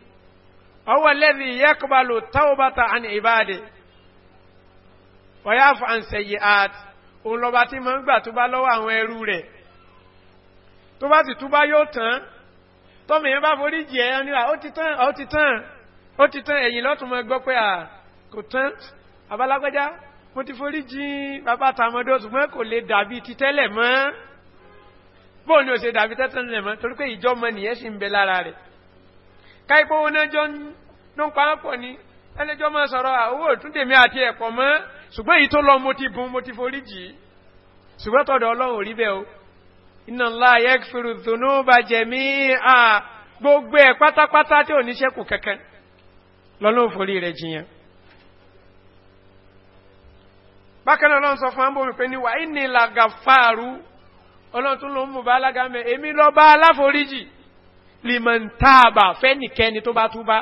ọwọ́ lẹ́bí wọ́yá fàǹsẹ̀yẹ art òun lọ́ba tí ma ń gbà tó bá lọ́wọ́ àwọn ẹrú rẹ̀ tó bá sì túbá yóò tán tọ́mọ̀ yẹn bá forí jì ẹ́ nílà ó ti tán ó ti tán ó ti tán ẹ̀yìn lọ́tún mọ́ gbọ́ pé à kò tán abálágbájá mo ti forí jì bàbá tàmọ́dọ́ ṣùgbọ́n kò lè dàbí ti tẹ́lẹ̀ mọ́ bóò ni ò ṣe dàbí tẹ́tẹ́lẹ̀ mọ́ torí pé ìjọ́mọ nìyẹn sì ń bẹ lára rẹ̀ káyipówó náà jọ ń parọ́pọ̀ ni ẹlẹ́jọ́ máa sọ̀rọ̀ àwọ̀ òtúndèmí àti ẹ̀pọ̀ mọ́ ṣùgbọ́n èyí tó lọ mo ti bùn mo ti forí jì í ṣùgbọ́n tọ̀dọ̀ ọlọ́run rí bẹ́ẹ̀ o iná ńlá ayẹ́kìfìrù dùnú bàjẹ́ mí à gbogbo ẹ̀ pátápátá tí ò ní ṣẹ́kù kankan lọ́lọ́run forí rẹ̀ jiyàn. bákan náà lọ́n sọ fún ambomi pé ní wàá ní làgà fàárù ọlọ́run tún ló mú bá alága mẹ́ èmi lọ bá aláforíjì lìmọ̀ntàbà fẹ́nìkẹ́ni tó bá tú bá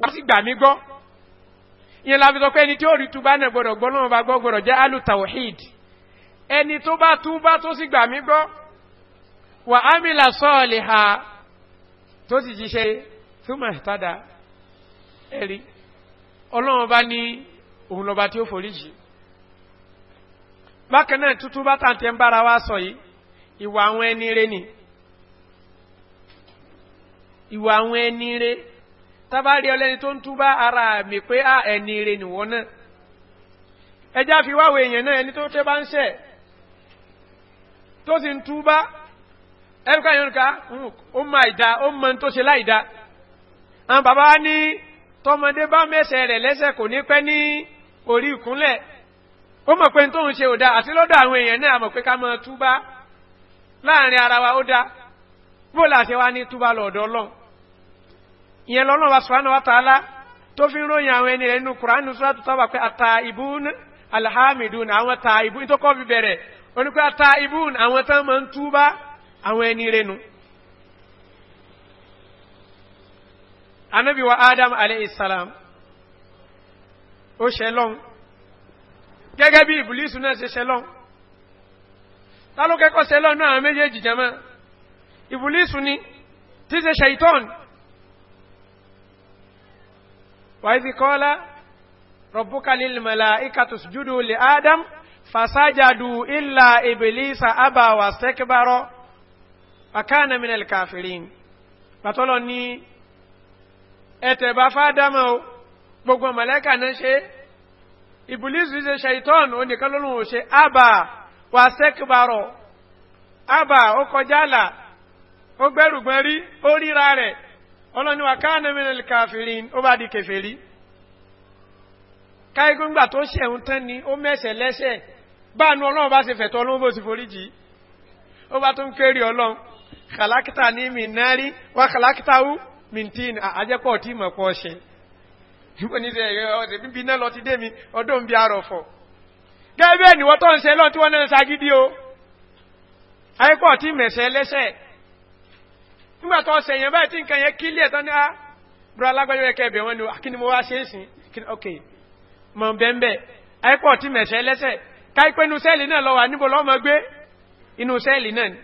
wọ́n sì gbà mí gbọ́ ìyẹn la fi sọ pé ẹni tí ó rí túbá náà gbọdọ̀ gbọ́ lọ́wọ́ bá gbọ́ gbọdọ̀ jẹ́ alutawhid ẹni tó bá túbá tó sì gbà mí gbọ́ wà ámìlà sọ́ọ̀lì ha tó sì jíṣẹ́ súnmọ̀ ìtàdà ẹ̀rí ọlọ́wọ́ bá ní òun lọba tí ó forí jì bákan náà tútú bá tàǹtẹ̀ ń bára wá sọ yìí ìwà àwọn ẹni rẹ ni ìwà àwọn ẹni rẹ ni tábàárí ọlẹ́ni tó ń túbá ara mi pé à ah, ẹni ire nìwọ náà ẹjá fi wáwo èèyàn náà ẹni tó tẹ́ bá ń ṣẹ̀ tó sì ń túbá ẹnìkan yóò ká ó mọ àìdá ó mọ tó ṣe láìdá àwọn bàbá ní tọmọdé bá mẹ́sẹ̀ rẹ̀ lẹ́sẹ̀ kò ní pẹ́ ní orí ìkúnlẹ̀ ó mọ̀ pé tó ṣe ò dá àti lọ́dọ̀ àwọn èèyàn náà mọ̀ pé ká mọ túbá láàrin ara wa ó dá bó làṣẹ wa ní túbá lọ́dọ̀ ọlọ́run ìyẹn lọ́nà wa sọ̀rọ̀ wa tààlà tó fi ń ròyìn àwọn ẹni rẹ̀ nínú kùránù sọ́dọ̀ tó tọ́wà pé ata ibùn alhamidun àwọn ta ibùn tó kọ́ fi bẹ̀rẹ̀ onípe ata ibùn àwọn tán máa ń túbá àwọn ẹni rẹ̀ nu. anabi wa adam aleyhisselam ó ṣẹlọ́n gẹ́gẹ́ bí ìbùlísù náà ṣe ṣẹlọ́n tálókẹ́kọ́ ṣẹlọ́n náà méjèèjì jẹ́mọ́ ìbùlísù ni tí ṣe ṣe wàídí kọ́lá rọ̀bùkàlìl mẹ́láìkàtùs júdù lè adam fasajadu ilá ìbìlísà àbáwà sẹ́kìbárọ̀ àkánà minel kàfìrín pàtọ́lọ ní ẹ̀tẹ̀bá fádámọ́ gbogbo mẹ́lẹ́kà náà ṣe ìbìlísù ṣe ṣaitọ́n oníkan lónìí ṣe àbáwà sẹ́kìbárọ̀ àbá ó kọjá là ó gbẹ́rùgbẹ́rí ó ríra rẹ̀ ọlọ́ni wà mẹ́rin káfìrí ó bá di kẹfẹ́rí káígbóngbà tó ṣẹ̀hún tán ni ó mẹ́sẹ̀ lẹ́sẹ̀ báànú ọlọ́run bá ṣe fẹ̀tọ́ ọlọ́run bó ti forí jì ó bá tó ń kéré ọlọ́run kàlákítà ní mi nárí wá kàlákítà wú mi tí àjẹpọ̀ tí mọ̀ pọ̀ ṣe níbo ní ọ̀sẹ̀ bíbí náà lọ ti nígbà tó ọ̀sẹ̀ èèyàn báyìí tí nǹkan yẹn kí lẹ̀ tán ní á ah, bro alágbàjọ́ ẹ̀kẹ́ ẹ̀bẹ̀ wọn ni ah, kí ni mo wá ṣe é sìn ok mọ̀ bẹ́ẹ̀ àìpọ̀ tí mẹ̀ṣẹ́ lẹ́sẹ̀ káìpẹ́ inú sẹ́ẹ̀lì náà lọ́wà níbo lọ́mọ gbé inú sẹ́ẹ̀lì náà ni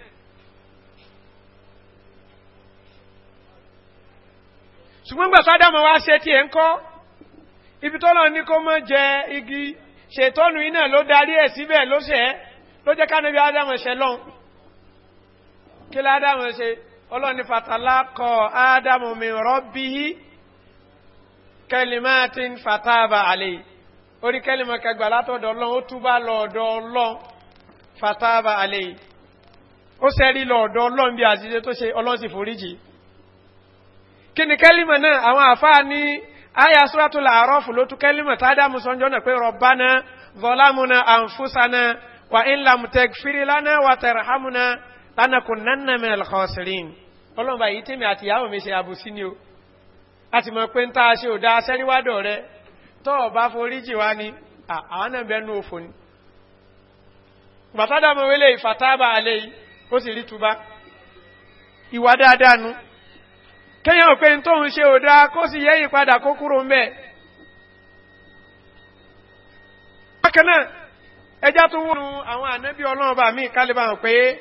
ṣùgbọ́n gbà sádámọ̀ wá ṣe tí ẹ ń kọ́ ibi tọ́lọ̀ ní kó mọ́ jẹ igi ṣètọ́nù iná ló darí ẹ̀ síbẹ̀ ló ṣẹ́ ló jẹ́ kánibí ádámọ̀ ṣẹlọ́n kí ládámọ̀ ṣe ọlọ́ni fàtàlákọ̀ ádámù mi rọ́bíhí kẹlìmá ti ń fàtàbà àlè orí kẹlìmá kẹgbà látọ̀dọ̀ ọlọ́run ó túbà lọ́ọ̀dọ̀ ọlọ́run fàtàbà àlè ó sẹ́rí lọ́ọ̀dọ̀ ọlọ́run bí àṣìṣe tó ṣe ọlọ́run sì foríjì kí ni kẹlìmá náà àwọn àfáà ní àyà sọ́ràtò làárọ̀fù ló tú kẹlìmá tádámù sọ́njọ́ náà pé rọ̀bánà zọlámùnà àǹfúsánà wà ń làmùtẹ̀gfìrìlánà wà tẹ̀rẹ̀hámùnà lánàkùn nánà mẹ́rin kọ́sìrín ọlọ́mọba yìí tèmi àti ìyàwó mi ṣe àbòsí ni o a ti mọ̀ pé ń o da ṣe ò dá aṣẹ́ríwádọ̀ rẹ tọ́ ọba foríjì wá ní àwọn náà bẹnu òfò ni bàtádà mọ̀ wílé ìfàtàbà alẹ́ o ó sì rí tuba ìwà dáadáa nu kéèyàn pé ń tóun ṣe ò dá kó sì yẹ ìpadà kó kúrò ń bẹ́ẹ̀ bákan náà ẹjá tó wọ́n àwọn ànábì ọlọ́run bá mi pé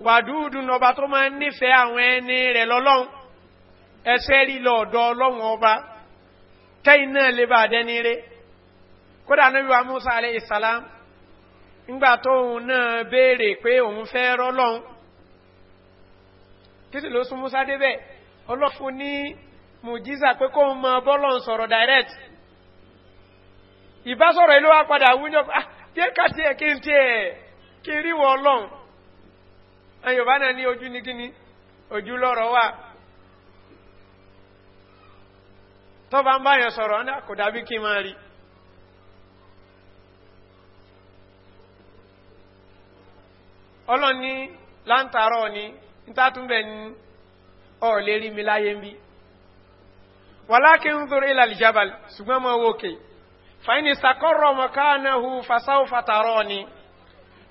wàdúùdù ọba tó máa ń nífẹ̀ẹ́ àwọn ẹni rẹ̀ lọ́lọ́run ẹsẹ́ rí lọ ọ̀dọ̀ ọlọ́run ọba tẹ́yìn náà lè bá dẹni rẹ̀ kódà níbi wa musa alẹ́ ìsàlám ńgbà tóun náà béèrè pé òun fẹ́ rọ́lọ́run títí ló sún musa débẹ̀ ọlọ́fun ní mùjísà pé kóun mọ bọ́lọ̀ sọ̀rọ̀ direct ìbásọ̀rọ̀ ìlú wa padà wúnyọ́ pé ah bí ẹ kà tiẹ̀ kí n tiẹ̀ kí n rí ọlọ́run àwọn yorùbá náà ní ojú ní kíni ojú lọ́rọ̀ wà tó bá ń báyàn sọ̀rọ̀ ọ́nà kò dàbí kí máa rí ọlọ́ni láǹtàrọ̀ ni nítàtúnbẹ̀ ni ọ̀ lè rí mi láyé ń bí wàláàkí ń dúró ilẹ̀ àlìjábàlì ṣùgbọ́n mọ́ owó òkè fàínì sàkọ́rọ̀ mọ̀kánáhù fasáhù fàtàrọ̀ ni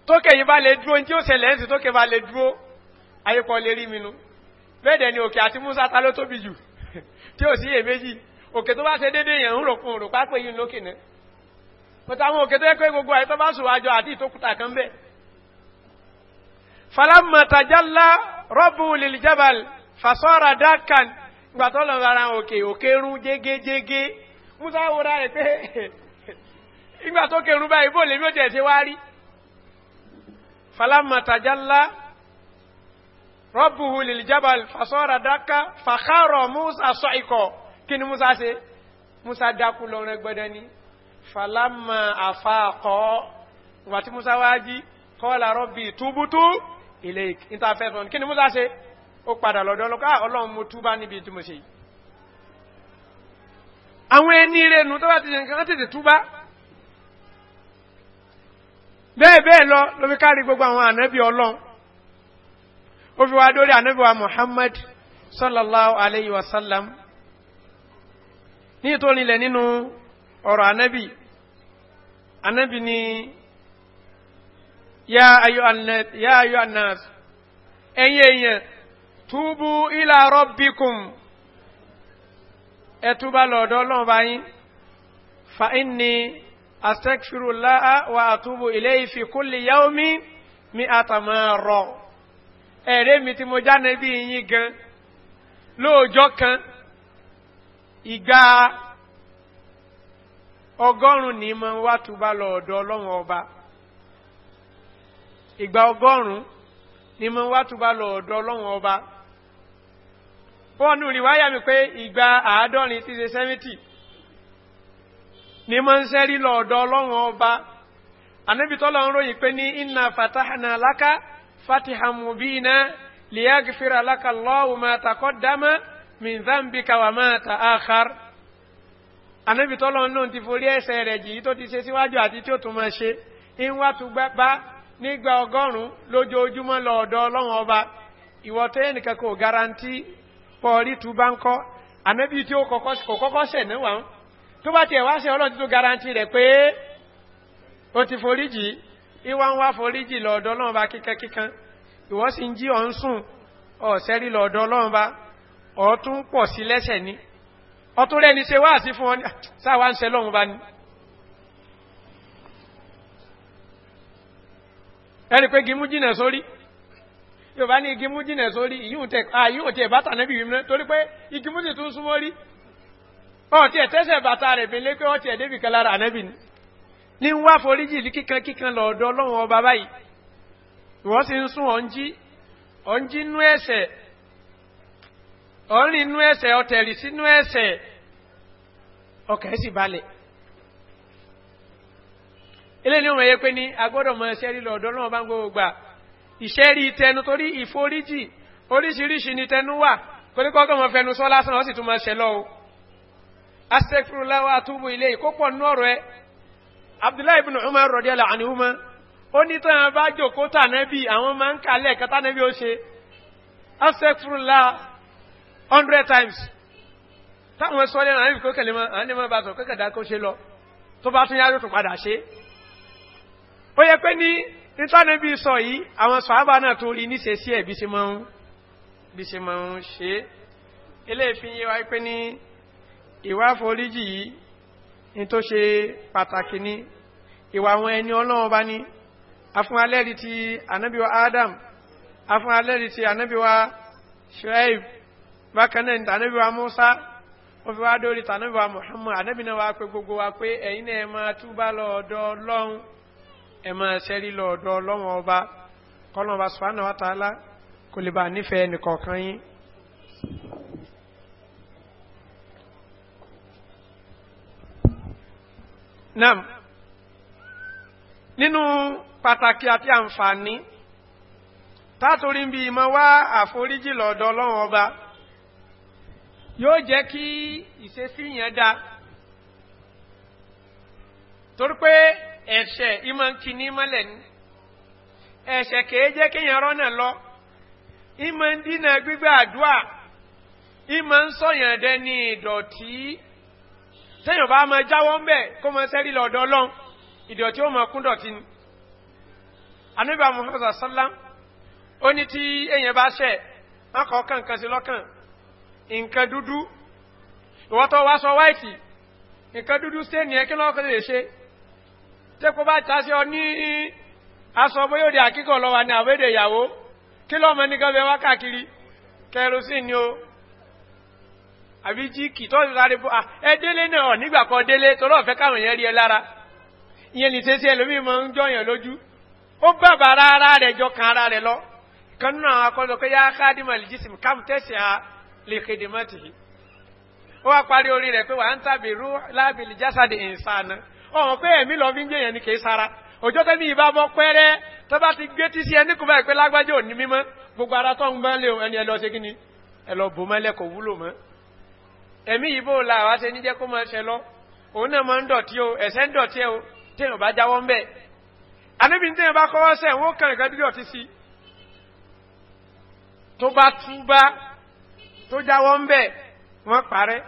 tókè yìí bá lè dúró tí ó ṣẹlẹ̀ ẹ̀sì tókè bá lè dúró ayépọ̀ lè rí minú bẹ́ẹ̀dẹ̀ ni òkè àti musa ta ló tóbi jù tí ó sí èméjì òkè tó bá ṣe dédé yẹn ń ròpin òròpá pé yìí lókè náà pẹ̀tà àwọn òkè tó yẹ pé gbogbo àyíkọ́ bá sòwájọ àti ìtókùtà kan bẹ́ẹ̀ falamọ̀tàjálá rọ́bù lìlìjábàl fasọ́ra dákan gbàtọ́ lọ lára òkè òkè rún jégéjégé musa wúra rẹ̀ pé ìgbà tó kẹrún báyìí bó lèmi ó tẹ̀ ṣe wá rí فلما تجلى ربه للجبل فصار دكا فخار موسى صعقا كن موسى سي موسى داكو لون غداني فلما افاق وقت موسى واجي قال ربي تبت اليك انت فسون كن موسى سي ó padà lọ́dọ̀ ọlọ́kọ́ ọlọ́run mo túbá níbi tí mo ṣe àwọn ẹni rẹ̀ nù tó bá ti ṣe nǹkan tètè túbá bẹ́ẹ̀ bẹ́ẹ̀ lọ ló fi kárí gbogbo àwọn ànábì ọlọ́n ó fi wá dórí ànábì wa muhammad sallallahu alayhi wa sallam ní ìtò nílẹ̀ nínú ọ̀rọ̀ ànábì ànábì ni yá ayọ́ anas ẹ̀yẹ èèyàn túbú ilà rọ́bìkùn ẹ̀túbà lọ́dọ́ ọlọ́run أستغفر الله وأتوب إليه في كل يوم مئة مرة ẹ̀rẹ́ mi tí mo jáde bí yín gan lóòjọ́ kan ìgbà ọgọ́rùn-ún ní mọ́ wá túbá lọ ọ̀dọ̀ ọlọ́run ọba ìgbà ọgọ́rùn ní mọ́ wá túbá lọ ọlọ́run ọba wọ́n nù rí wáyà pé ìgbà àádọ́rin ti ṣe sẹ́mítì ní máa ń sẹ́rí lọ́ọ̀dọ̀ ọlọ́run ọba anábìtọ́lọ̀ ń ròyìn pé ní iná fatahana aláka fatihamubina liyagfira alaka lọ́wọ́ máa takọ́ dámá mìzánbi kàwá máa ta àkàr anábìtọ́lọ̀ ń lòun ti forí ẹsẹ̀ rẹ̀ jì tó ti ṣe síwájú àti tí ó tún máa ṣe ń wá tún bá nígbà ọgọ́rùn lójoojúmọ́ lọ́ọ̀dọ̀ ọlọ́run ọba ìwọ̀tọ́ garanti pọ̀rí tún bá ń kọ́ anábì tí ó kọ́kọ́ ṣẹ̀ tó bá tiẹ̀ wá sí ọlọ́run tó garanti rẹ̀ pé ó ti foríjì ìwà ń wá foríjì lọ́ọ̀dọ́ náà bá kíkankíkan ìwọ́ sì ń jí ọ̀ ń sùn ọ̀sẹ́rí lọ́ọ̀dọ́ náà bá ọ̀tún pọ̀ sí lẹ́sẹ̀ ní ọtún rẹ̀ ní ṣe wá sí fún ọ ah, sáwá ń ṣe lọ́run bá ní. ẹni pé gimú jìnà sórí yóò bá ní gimú jìnà sórí ìyóò tẹ̀ bá tà níbi ìrìnnà torí pé ìgimú sì tún súnmọ́ rí ọ̀ tí ẹ̀ tẹ́sẹ̀ bàtà rẹ̀ bí lé pé tí ẹ̀ débì kan lára ànẹ́bì ni ní ń wá foríjì ní kíkan kíkan lọ́ọ̀dọ́ ọlọ́run ọba báyìí ìwọ́n sì ń sún ọ̀njí ọ̀njí nú ẹ̀sẹ̀ ọ̀rìn nú ẹ̀sẹ̀ ọ̀tẹ̀rì sínú ẹ̀sẹ̀ ọkẹ̀ sì balẹ̀ ilé ní ọmọ yẹ pé ní agbọ́dọ̀ mọ ẹsẹ́ rí lọ́ọ̀dọ́ ọlọ́run ọba ń gbogbo gbà ìṣẹ́ rí tẹnu torí ìforíjì oríṣiríṣi ni tẹnu wà kóríkọ́kọ́ mọ fẹnu sọ lásán ọ sì tún mọ ṣẹlọ́ọ̀ asẹ́kùrúláwà àtúbù ilé ìkópọ̀ nú ọ̀rọ̀ ẹ abdullahi ibn umar rọ̀dí ọ̀là àníhùmọ́ ó ní tán bá jòkó tànẹ́bí àwọn máa ń kalẹ̀ kátà nẹ́bí ó ṣe asẹ́kùrúlá 100 times táwọn sọ lẹ́nu àwọn ìfikó kẹlẹ́ máa ní máa bá sọ kẹ́kẹ̀dá kó ṣe lọ tó bá tún yára tó padà ṣe ó yẹ pé ní nítànẹ́bí sọ yìí àwọn sọ̀hábà náà tó rí níṣe sí ẹ̀ bí ṣe máa ń ṣe eléyìí fi yé wa pé ní ìwà àforíjì yìí ní tó ṣe pàtàkì ní ìwà àwọn ẹni ọlọ́run bá ní afún alẹ́rí ti anábíwá adam afún alẹ́rí ti anábíwá shuaib bákan náà musa ó fi wá dórí tanábíwá muhammad anábìnà wa pé gbogbo wa pé ẹ̀yin náà ẹ máa túbá lọ́ọ̀dọ́ ọlọ́run ẹ máa ṣẹ́rí lọ́ọ̀dọ́ ọlọ́run ọba kọ́lọ́ọ̀bá sùpánà wàtàlá kò lè bá nífẹ̀ẹ́ nìkọ̀ọ̀kan yín nam nínú pàtàkì àti àǹfààní tátorí ń bí ìmọ̀ wá àforíjì lọ́dọ̀ ọlọ́run ọba yóò jẹ́ kí ìṣesí dá torí pé ẹ̀ṣẹ̀ ìmọ̀ ese mọ́lẹ̀ ní ki kìí jẹ́ na ndi na adua téèyàn bá máa jáwọ́ ń bẹ̀ kó máa sẹ́rí lọ́dọ̀ ọlọ́run ìdọ̀tí ó máa kún dọ̀tí ni anábìá muhammad sallam ó ní tí èèyàn bá ṣẹ̀ wọn kọ́ kankan sí lọ́kàn nǹkan dúdú ìwọ́tọ̀ wá sọ wáìtì nǹkan dúdú stéènì ẹ kí lọ́kàn lè ṣe tẹ́kọ̀ bá ta sí ọ ní aṣọ bóyá òde àkíkọ̀ lọ́wọ́ ní àwédè ìyàwó kí lọ́mọ ní gọ́bẹ̀ wákàkiri kẹrosíìnì o àbí jíkì tó sáré bó ẹ délé náà nígbà kan délé tó lọ́ọ̀fẹ́ káwọn èèyàn rí ẹ lára ìyẹn lè ṣeéṣe ẹlòmíì máa ń jọyàn lójú ó bàbà rárá rẹ jọ kan ara rẹ lọ kan nínú àwọn akọ́lọ́ pé yá kádìmọ̀ lè jísìm káàmù tẹ̀sí ha lè kéde mọ́ tì í ó wá parí orí rẹ pé wà ń tàbí rú lábìlì jásàdì ìsànà ọ̀hún pé ẹ̀mí lọ fi ń jẹ́yàn ní kì sara òjò tẹ́mi ìbá bọ́ pẹ́rẹ́ tó bá ti gbé tí sí ẹni kò báyìí pé lágbájá ò mímọ́ gbogbo ara tó ń gbọ́n lé ẹni ẹ lọ ṣe kí ni ẹ lọ bò mọ́lẹ̀ kò wúlò mọ́ ẹ̀mí yìí bó la wá ṣe níjẹ́ kó máa ṣe lọ òun náà máa ń dọ̀tí o ẹ̀sẹ̀ ń dọ̀tí o téèyàn bá jáwọ́ ń bẹ̀ anábì téèyàn bá kọ́wọ́ sẹ̀ wọ́n kàn nǹkan dídọ̀ ti sí tó bá tú bá tó jáwọ́ ń bẹ̀ wọ́n parẹ́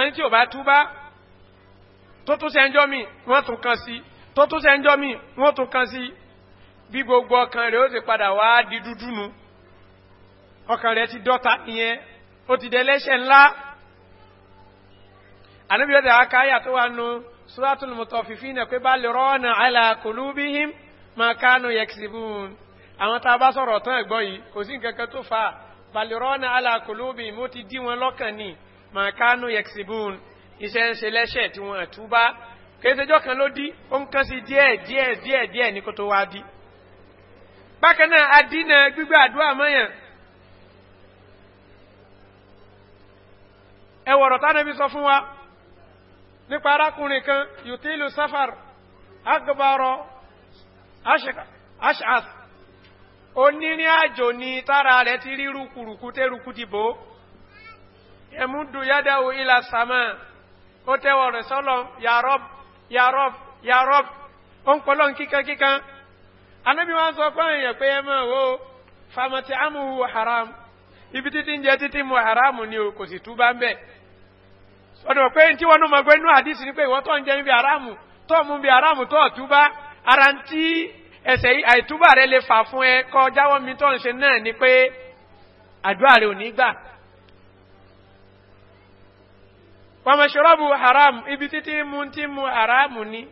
ẹni tí ò tú bá tó tún sẹ́ńjọ́ mi wọ́n tún kan sí tó tún sẹ́ńjọ́ mi wọ́n tún kan sí bí gbogbo ọkàn rẹ̀ ó sì padà wá di dúdú nu ọkàn rẹ̀ ti dọ́ta nìyẹn ó ti dẹ lẹ́ṣẹ̀ ńlá ànábi ọ̀dà akáyà tó wà nù suratul mutaffifin náà pé bá lè rọ́ọ̀nà àlà kùlúbíhìm máa kánú yẹkìsìbùn àwọn tá a bá sọ̀rọ̀ tán ẹ̀gbọ́n yìí kò sí nǹkan kan tó fà á balirọ́nà alákòlóbì mo ti dí wọn lọ́kàn ní màkánú yẹksibun iṣẹ́ ń ṣe lẹ́ṣẹ̀ tí wọ́n àtúbá kéṣejọ́ kan ló dí ó ń kán sí díẹ̀ díẹ̀ díẹ̀ díẹ̀ ní kó tó wá dí. bákan náà adínà gbígbà àdúrà mọ́yàn ẹwọ̀rọ̀ tánàbí sọ fún wa nípa arákùnrin kan yùtílù safar agbárọ̀ ash'as onírin àjò ni tára rẹ̀ ti rí rúkùrùkú tẹ́rùkú ti bò ẹmúdù yádẹ́wò ilà sàmà ó tẹ́wọ̀ rẹ̀ sọ́lọ yàrọ́b yàrọ́b yàrọ́b ó ń pọ́lọ́ kíkan kíkan anábí wọ́n sọ pé èèyàn pé ẹmọ́ owó haram ibi títí ń jẹ títí mu haram ni o kò sì túbá ń bẹ́ẹ̀ ọ̀dọ̀ pé tí wọ́n mọ̀ pé nú àdísì ní pé ìwọ́n tó ń jẹ níbi àráàmù tó mú bí àráàmù tó ọ̀túbá ara ń tí ẹsẹ̀ àìtúbà rẹ lè fà fún ẹ kọ jáwọ́ mi tó ń ṣe náà ni pé àdúrà rẹ ò ní gbà wàmọ̀ṣọ́rọ́bù haram ibi títí mú tí mú haramu ni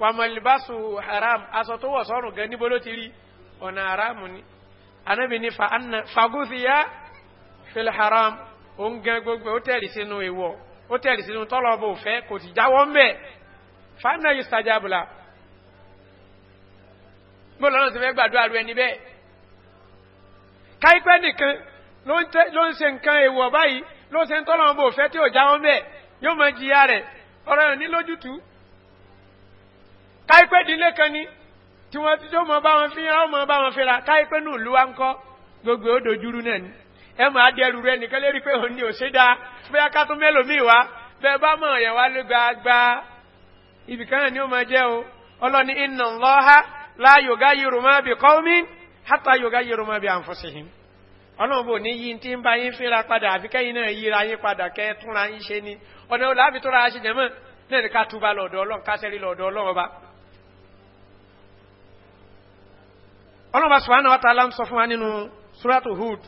wàmọ̀lìbásù haram aṣọ tó wọ̀ sọ́rùn gan níbo ló ti rí ọ̀nà haramu ni anábì ni fagúsíyá fil haram òun gan gbogbo ó tẹ̀rí sínú ìwọ̀ ó tẹ̀lé sínú tọ́lọ̀ bò fẹ́ kò sì jáwọ́ ń bẹ̀ fáìnà yìí sàjábùlà mo lọ́nà sí fẹ́ gbàdúrà rẹ níbẹ̀ káípẹ́ nìkan ló ń se nǹkan èèwọ̀ báyìí ló se ń tọ́lọ̀ fẹ́ tí ò jáwọ́ ń yóò mọ jìyà rẹ̀ ọ̀rọ̀ ẹ̀ ní lójútùú káípẹ́ dílé kan ni tí wọ́n ti tó mọ bá wọn fi hàn ọmọ bá wọn fi ra káípẹ́ nù lúwa ńkọ́ gbogbo ó dojúrú náà ni ẹ máa dẹrù rẹ nìkan lérí pé òun ni ò ṣe dáa bẹ́ẹ̀ ká tún mélòmíì wá bẹ́ẹ̀ bá mọ̀ ọ̀yàn wá ló gbagba ibìkan náà ni ó máa jẹ́ o ọlọ́ni iná lọ́ha láyò gá yorùn máa bì kọ́mí hátà yògá yorùn máa bì àǹfọ̀sìn ọlọ́run bò ní yí tí ń bá yín fínra padà àfi kẹ́yìn náà yíra yín padà kẹ́ túnra yín ṣe ni ọ̀nà òlà tó ra ṣe jẹ̀mọ́ náà ní ká túbà lọ́dọ̀ ọlọ́run ká sẹ́rí lọ́dọ̀ ọlọ́run ọba ọlọ́run bá sùn wá náà fún wa nínú súrátù hood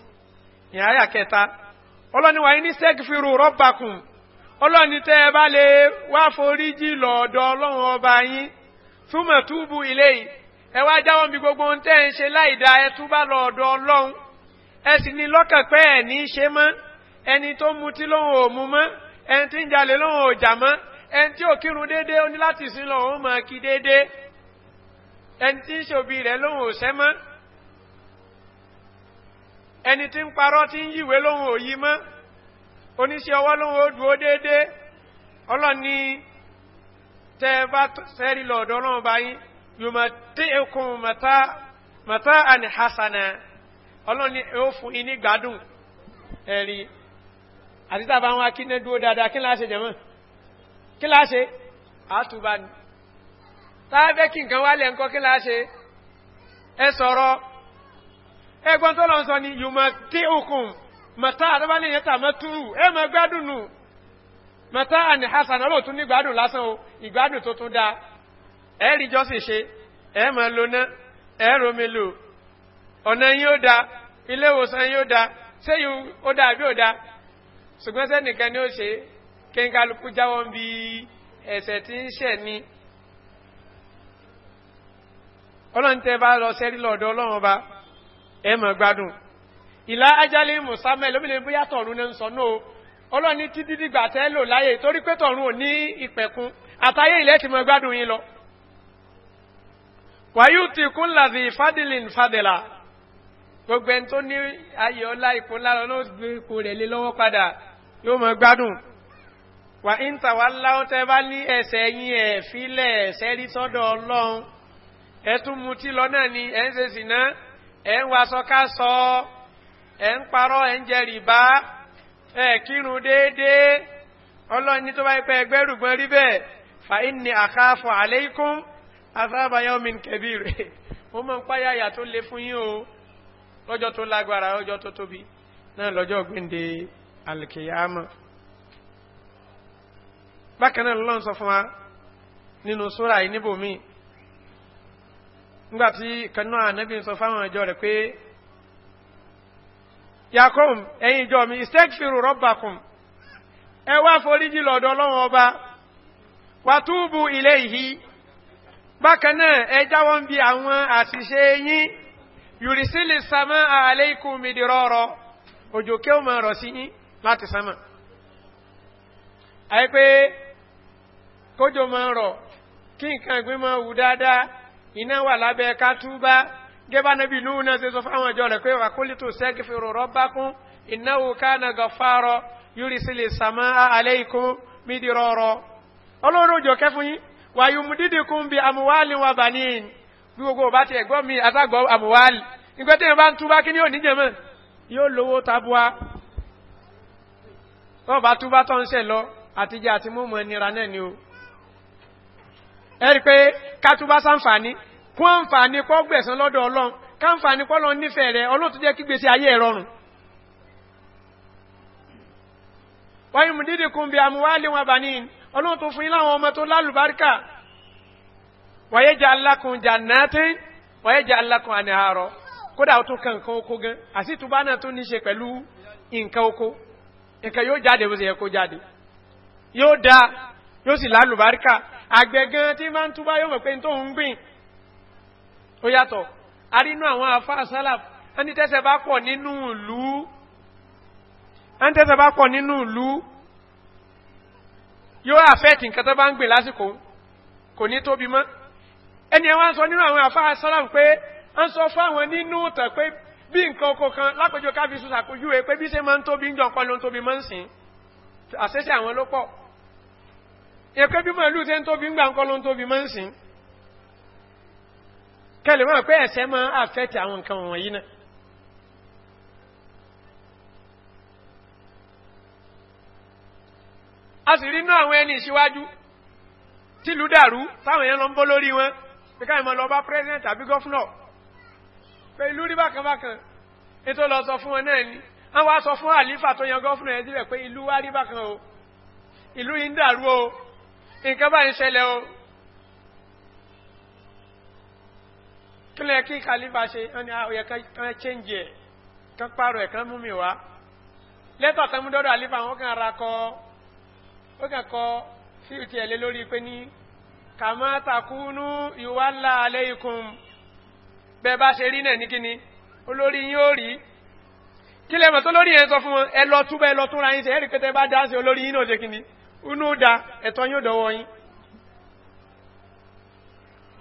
ìyá àyà kẹta ọlọ́niwà yín ní sẹ́kìfìrù rọ́bàkùn ọlọ́ni tẹ́ ẹ bá lè wá foríjì lọ́ọ̀dọ̀ ọlọ́run ọba yín túmọ̀ túbú ilé yìí ẹ wá jáwọ́ mi gbogbo ohun tẹ́ ẹ ń ṣe láìda ẹ túbà lọ́ọ̀dọ̀ ọlọ́run ẹ sì ní lọ́kàn pé ẹ̀ ní í ṣe mọ́ ẹni tó mutí lóhun ò mu mọ́ ẹni tí ń jalè lóhun ò jà mọ́ ẹni tí ò kírun déédé ó ní láti sin lọ́hun mọ́ kí déédé ẹni tí ń ṣòbí rẹ̀ lóhun ò sẹ́ mọ́ ẹni tí ń parọ́ tí ń yíwé lóhun òyí mọ́ oníṣẹ́ ọwọ́ lóhun ó dúó déédé ọlọ́ni tẹ́ bá sẹ́rí lọ́dọ̀ ọlọ́run báyìí yóò mọ̀ tí ẹkùn mọ̀tá àni hasana ọlọ́ni ó fún iní gbádùn ẹ̀rí àti wọn kí ní tàbẹ́kì nǹkan kí láṣẹ ẹ sọ̀rọ̀ ẹgbọ́n tó lọ sọ ni yùmọ̀ tí òkun mọ̀tá àdọ́bá ní ìyẹta mọ́túrù ẹ mọ̀ gbádùn nù mọ̀tá àní hasan olóòtú ní gbádùn lásán o ìgbádùn tó tún dá ẹ rí jọ́sìn ṣe ẹ mọ̀ lóná ẹ romi lò ọ̀nà ó da ilé ìwòsàn yín ó da ó da àbí ó da ṣùgbọ́n ni ó ṣe jáwọ́ ẹ̀sẹ̀ tí ń ṣẹ̀ ni e gbádùn ìlà ajálẹ̀ musamman lómìnira bóyá tọ̀run náà sọ náà ọlọ́ni tí dídígbà tẹ́ lò láyé torí pé tọ̀run ò ní ìpẹ̀kun àtayé ilẹ̀ ti mọ̀ gbádùn lọ ti kún làdì fadilin fadela gbogbo ẹni tó ní ayé ọlá ipò lára náà gbé ipò rẹ̀ lé lọ́wọ́ padà yóò mọ̀ gbádùn wà ń tàwa láwọn tẹ́ bá ni ẹ̀ ń ẹ̀ ń waṣọ ká sọ ẹ̀ ń parọ́ ẹ̀ ń jẹ rìbá ẹ̀ kírun déédéé ọlọ́run ní tó bá pẹ́ ẹgbẹ́ rùgbọ́n rí bẹ́ẹ̀ fa inni àkáfọ̀ àléékún azábáyọ́ mi kẹ̀bí rẹ̀ mo le fún o lọ́jọ́ tó lágbára lọ́jọ́ tó tóbi náà lọ́jọ́ gbéǹde alkiyama bákan náà lọ́n sọ fún wa nínú súra ngbàtí kanú ànábì ń sọ fáwọn ìjọ rẹ̀ pé yakom ẹ̀yin ìjọ mi istekfiru rọ́bàkùn ẹ wá foríjì lọ́dọ̀ ọlọ́run ọba wà túbù ilé ìhí bákan náà ẹ jáwọ́ ń bi àwọn àṣìṣe yín yùrìsílì sàmà àlékún mìdírọ́rọ́ òjò kí ó máa rọ̀ sí yín láti sánmà àyípé kójò máa rọ̀ kí nǹkan ìgbín máa wù iná wà lábẹ́ ká túbá gẹ́bà nàbí lóhùn náà ṣe sọ fáwọn ìjọ rẹ̀ pé wà kó lè tó sẹ́gì fèrò rọ́bá kún ìnáwó ká na gọ̀fárọ̀ yúrí sí lè sàmá alẹ́ ikún mídì rọrọ ọlọ́run òjò kẹfún yín wàyí mu dídì kún bí amúwálì wà bà ní bí gbogbo bá ti ẹ̀gbọ́n mi àtàgbọ́ amúwálì nígbà tí yẹn bá ń túbá kí ni yóò mọ́ yóò lówó tabua tó bá túbá tó ń ṣẹ̀ lọ àtijọ́ àti mú nira náà ni o ẹ̀rí pé kátúbá sáǹfàní kún àǹfàní pọ́ gbẹ̀sán lọ́dọ̀ ọlọ́run káǹfàní pọ́lọ nífẹ̀ẹ́ rẹ̀ ọlọ́run tó jẹ́ kí gbèsè ayé ẹ̀rọrùn wáyé mú dídì kún bí amúwálé wọn bà ní ọlọ́run tó fún iláwọn ọmọ tó lálùbáríkà wáyé jẹ́ alákun jànàtí wáyé jẹ́ yóò jáde lálùbáríkà àgbẹ̀gan tí bá ń túbá yóò mọ̀ pé tó ń gbìn ó yàtọ̀ arínú àwọn àfáà sálàf wọ́n ní tẹ́sẹ̀ bá pọ̀ nínú ìlú wọ́n tẹ́sẹ̀ bá pọ̀ nínú ìlú yóò àfẹ́ẹ̀tì nǹkan tó bá ń gbìn lásìkò kò ní tóbi mọ́ ẹni ẹ wá ń sọ nínú àwọn àfáà sálàf pé wọ́n sọ fún àwọn nínú ìtàn pé bí nǹkan oko kan lápẹjọ káfíṣù sàkójú ẹ pé bí ṣe máa ń tóbi ń jọ ọpọlọ tóbi máa ń sìn àṣẹṣẹ àwọn ló èpé bí màálù tẹ́ ń tóbi ń gbà ń kọ́ ló ń tóbi máa ń sìn kẹlẹ̀ máa pé ẹ̀sẹ̀ máa àfẹ́tì àwọn nǹkan wọ̀nyí náà a sì rí náà àwọn ẹni ìṣíwájú tìlú dàrú táwọn èèyàn lọ ń bọ́ lórí wọn pé káyọ̀ mọ́ lọ bá president àbí gọ́fúnọ̀ pé ìlú rí bákanbákan ètò lọ sọ fún wọn náà ni wọ́n wá sọ fún àlífà tó yan gọ́fúnọ̀ yẹn síbẹ̀ pé ìlú wá rí bákan o ìlú yìí ń dàrú o nǹkan báyìí ṣẹlẹ̀ o kí lẹ́ kí kàlífà ṣe wọ́n ni àwọn ẹ̀kan kan chẹ́ǹjì ẹ̀ kan pààrọ̀ ẹ̀kan mú mi wá lẹ́tọ̀ tán mú dọ́dọ̀ àlífà wọn kàn ra kọ ó kàn kọ fíìlì tiẹ̀ lé lórí pé ní kàmá takúnú ìwà ńlá alẹ́ ikùn bẹ́ẹ̀ bá ṣe rí náà ní kíni olórí yín ó rí kí lẹ́mọ̀ tó lórí yẹn sọ fún ẹ lọ túbọ̀ ẹ lọ túnra yín ṣe ẹ̀rí pé tẹ́ bá dáńsẹ̀ olórí yín náà ṣe kíni inú da ẹ̀tọ́ yóò dọwọ́ yín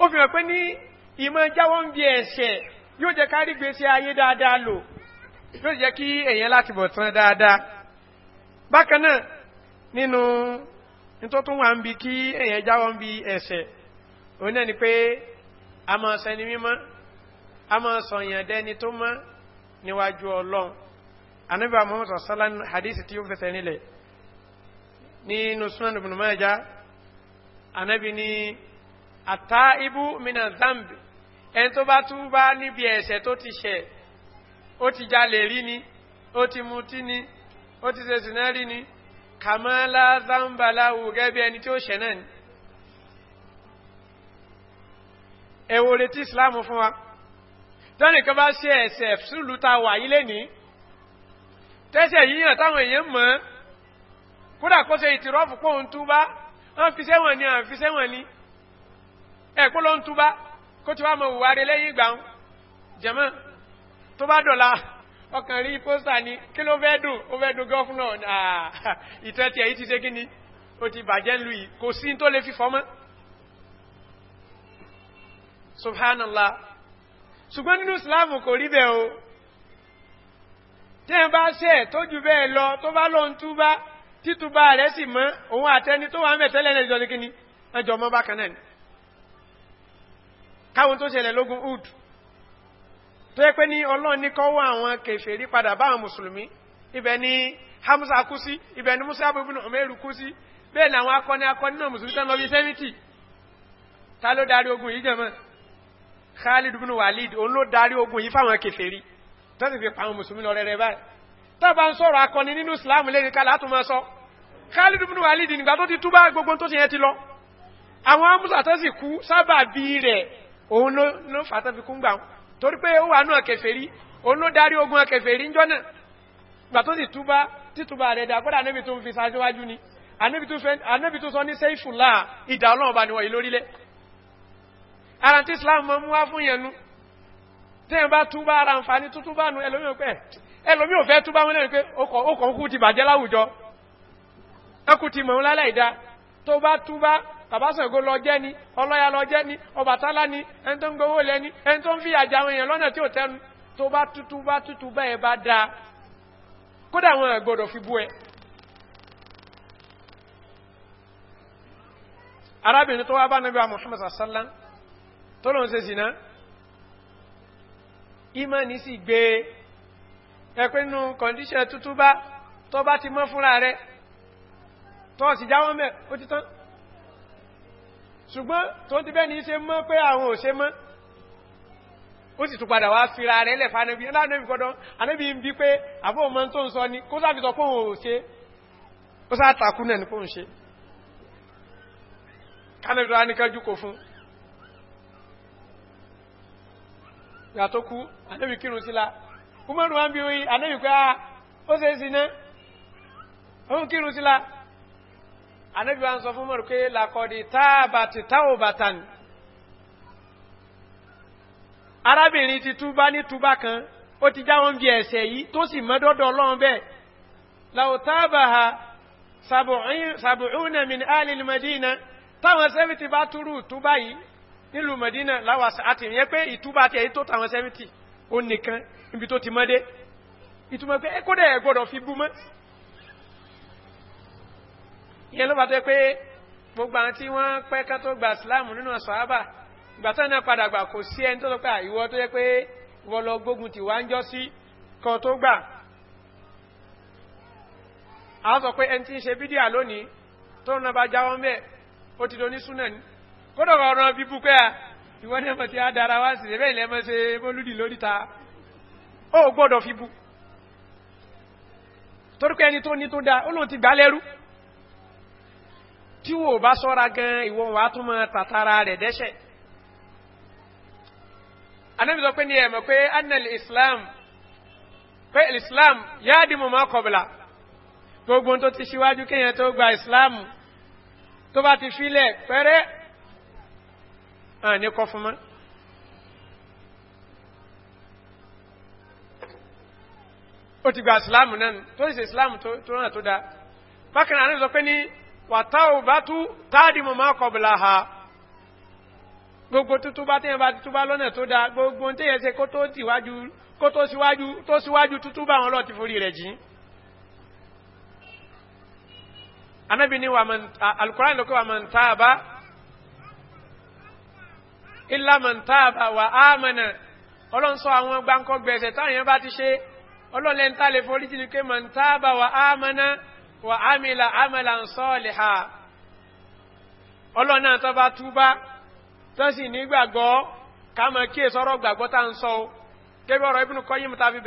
ó fi hàn pé ní ìmọ̀ jáwọ́ ń bí ẹ̀ṣẹ̀ yóò jẹ́ kárí gbèsè ayé dáadáa lò yóò jẹ́ kí èyàn láti bọ̀ tán dáadáa bákan nínú nítọ́tún wà ń bi kí èyàn jáwọ́ ń bí ẹ̀ṣẹ̀ ni pé a máa sọ ẹni mímọ́ a tó mọ́ níwájú ọlọ́run Ni sunan ibn maja anabi ni ataibu mina zambi ẹni tó bá tú bá níbi ẹ̀ṣẹ̀ tó ti ṣẹ̀ ó ti jalè rí ni ó ti mutí ni ó ti ṣèṣìná rí ni kàmálà zambaláwù gẹ́bí ẹni tí ó ṣẹ̀ náà ni ẹ̀wò retí ìsìláàmù fún wa tọ́nìkan bá ṣe ẹ̀ṣẹ̀ sílùú ta wà tẹ́ṣẹ̀ yíyàn táwọn èèyàn mọ́ kódà kó se ìtìrọ́fù pòun túbá wọ́n fi sẹ́wọ̀n ni àwọn fi sẹ́wọ̀n ni ẹ̀kó ló ń túbá kó ti wá mọ̀ wùwárí lẹ́yìn ìgbà jẹ́mọ́ tó bá dọ̀la ọkàn rí pósítà ni kí ló fẹ́ dùn ó fẹ́ dùn gọ́fúnà ìtẹ́tì ẹ̀yí ti ṣe kí ni ó ti bàjẹ́ lu yìí kò sí tó lè fi fọ́mọ́ subhanallah ṣùgbọ́n nínú islam kò rí bẹ́ẹ̀ o tẹ́ bá ṣẹ́ tó ju bẹ́ẹ̀ lọ tó bá lọ ń túbá títúbà rẹ̀ sì mọ́ òun àtẹni tó wà mẹ́tẹ́lẹ̀ ẹjọ́ ní kíní ẹjọ́ mọ́ bákan náà káwọn tó ṣẹlẹ̀ lógún ud tó yẹ pé ní ọlọ́run ní àwọn kèfèrí padà bá àwọn mùsùlùmí ibẹ̀ ni hamza kú sí ibẹ̀ ni musa abubu ní ọmọ kú sí bẹ́ẹ̀ ni àwọn akọni akọni náà mùsùlùmí tán lọ bí sẹ́mìtì ta ló darí ogun yìí jẹ̀mọ́ khalid bin walid òun ló darí ogun yìí fáwọn kèfèrí tó sì fi pa àwọn mùsùlùmí lọ rẹ̀rẹ̀ báyìí tọ́ba ń sọ̀rọ̀ akọni nínú islam lẹ́ni ká látún máa sọ khalid ibn walid nígbà tó ti túbá gbogbo tó ti yẹn ti lọ àwọn amúsà tó sì kú sábà bí rẹ̀ òun ló fàtà fi kún gbà wọn torí pé ó wà náà kẹfẹ́rí òun ló darí ogun kẹfẹ́rí ńjọ́ náà gbà tó sì túbá títúbá rẹ̀ dà kódà anábì tó ń fi ṣáájú ni ní túbá ara àǹfààní ẹlòmí ò fẹ́ tó bá wọn lẹ́yìn pé ó kàn kú ti bàjẹ́ láwùjọ ẹkù ti mọ̀ lálẹ́ ìdá tó bá tú bá bàbásàn ìgò lọ jẹ́ ni ọlọ́ya lọ jẹ́ ni ọba tálá ni ẹni tó ń gbowó lẹ ni ẹni tó ń fi àjà àwọn èèyàn lọ́nà tí ò tẹnu tó bá tútú bá tútú bá ẹ bá dáa kódà wọn gbọdọ̀ fi bú ẹ arábìnrin tó wá bá nàbí wa muhammad sallam tó lóun ṣe sì náà ìmọ̀ ní sì gbé ẹ̀pẹ́ nínú kọ̀ndíṣẹ̀ tútú bá tó bá ti mọ́ fúnra rẹ̀ tó sì jáwọ́ mẹ́ ó ti tán ṣùgbọ́n tó ti bẹ́ ní ṣe mọ́ pé àwọn ò ṣe mọ́ ó sì tún padà wá fira rẹ̀ lẹ̀ fanabi aláàbí gbọ́dọ̀ anábì ń bí pé àbó ọmọ tó ń sọ ni kó sáfi sọ fóun ò ṣe ó sá takú náà kú anábì sí la umaru wa ń bí oyin anábì pé a ah, ó ṣe é sí ná òun kírun sí la anábì wa ń sọ fún umaru pé làkọ̀dì táàbàtì táòbàtà ni arábìnrin ti túbá ní túbá kan ó ti já wọn bí ẹ̀ṣẹ̀ yìí tó sì mọ́ dọ́dọ̀ ọlọ́run bẹ́ẹ̀ làwòtábàá sàbùrúnà min alìlì mẹ́dínà táwọn sẹ́mìtì bá túrú túbá yìí nílùú mẹ́dínà láwàsá àti ìyẹn pé ìtúbá ti tó táwọn sẹ́mìtì ó nìkan ibi tó ti mọ́dé ìtumọ̀ pé ẹkọ́dẹ̀ ẹgbọ́dọ̀ fi bú mọ́ ìyẹn ló bá tẹ́ pé gbogbo àwọn tí wọ́n pẹ́ ká tó gba ìsìláàmù nínú sàábà ìgbà tán náà padà gbà kò sí ẹni tó tó àìwọ́ tó yẹ pé wọ́n gbógun tì wá ń jọ́ sí kan tó gbà àwọn sọ pé ẹni tí ń ṣe bídíà lónìí tó ń lọ bá jáwọ́ mẹ́ ó ti do ní súnà ní kódà ọ̀rọ̀ bíbú pé à ìwọ́n náà mọ̀ tí a dára wá sí ẹ̀bẹ́ ilẹ̀ mọ́ ṣe mọ́lúdì lórí ta ó gbọ́dọ̀ fi bú torípé ẹni tó ní tó dá ó ti gbá lẹ́rú tí wò bá sọ́ra gan ìwọ̀n wà tún mọ́ tàtàrà rẹ̀ dẹ́ṣẹ̀ islam pé islam yáàdì mọ̀ mọ́ kọ̀bìlà gbogbo tó ti ṣíwájú kéèyàn islam tó bá ti fílẹ̀ pẹ́rẹ́ ẹni ah, kọ́ fún mọ́ ó ti gba ìsìláàmù náà tó sì ṣe ìsìláàmù tó náà tó dá bákan náà sọ pé ní wàtáwò bá tú táàdìmọ̀ máa kọ̀bùlà ha gbogbo tuntun bá tẹ́yàn bá tuntun bá lọ́nà tó dá gbogbo tẹ́yàn ṣe kó tó síwájú kó tó síwájú tó síwájú tuntun bá wọn lọ ti forí rẹ̀ jìn anábì ní alukóra ìlọ́kọ̀ wà mọ̀ ń táàbá ìlàmọ̀ntàbà wà ámànà ọlọ́nsọ àwọn gbáǹkọ́ gbẹ̀ẹ́sẹ̀ táyẹn bá ti ṣe ọlọ́lẹ́ntà lè forí jì ní pé mọ̀ntàbà wà ámànà wà ámìlà ámàlà ń sọ́ọ̀lì ha ọlọ́nà tó bá túbá tó sì nígbàgbọ́ káàmọ̀ kí èsọ́rọ̀ gbàgbọ́ tá ń sọ kébí ọ̀rọ̀ ibùnú kọ́ yìí mú tàbí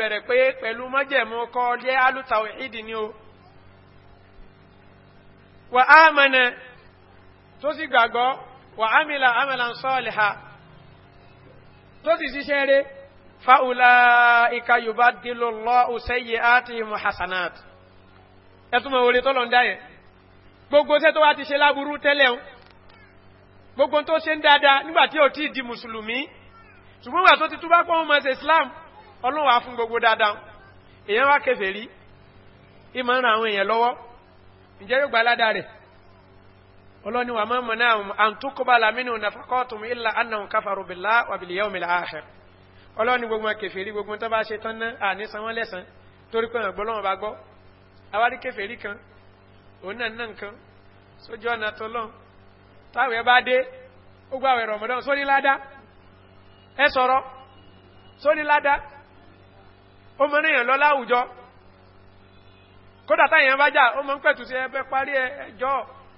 tó sì ṣiṣẹ́ rẹ̀ fáwọlá ìka yorùbá dìlọ lọ òṣèyí àti muhassanat ẹtùmọ̀ orí tọ́lọ̀ ń dá yẹn gbogbo ṣẹ́ tó wá ti ṣe láburú tẹ́lẹ̀ ń gbogbo tó ṣe ń dáadáa nígbàtí ò tí di mùsùlùmí ṣùgbọ́n wà tó ti túbá pọ́n ọlọ́ni wà mọ́mọ́ náà àǹtókòbá lamínú nàfàkọ́tùmù ilà anáhùn káfàrú bìlá wàbìlì yẹ́wò mìlá ààfẹ́ ọlọ́ni gbogbo kẹfẹ́rí gbogbo tó bá ṣe tán náà àní san wọ́n lẹ́sàn torí pé ọ̀gbọ́n lọ́wọ́ bá gbọ́ awárí kẹfẹ́rí kan òun náà náà nǹkan sójú ọ̀nà tó lọ́n táwẹ̀ bá dé ó gbà wẹ̀rọ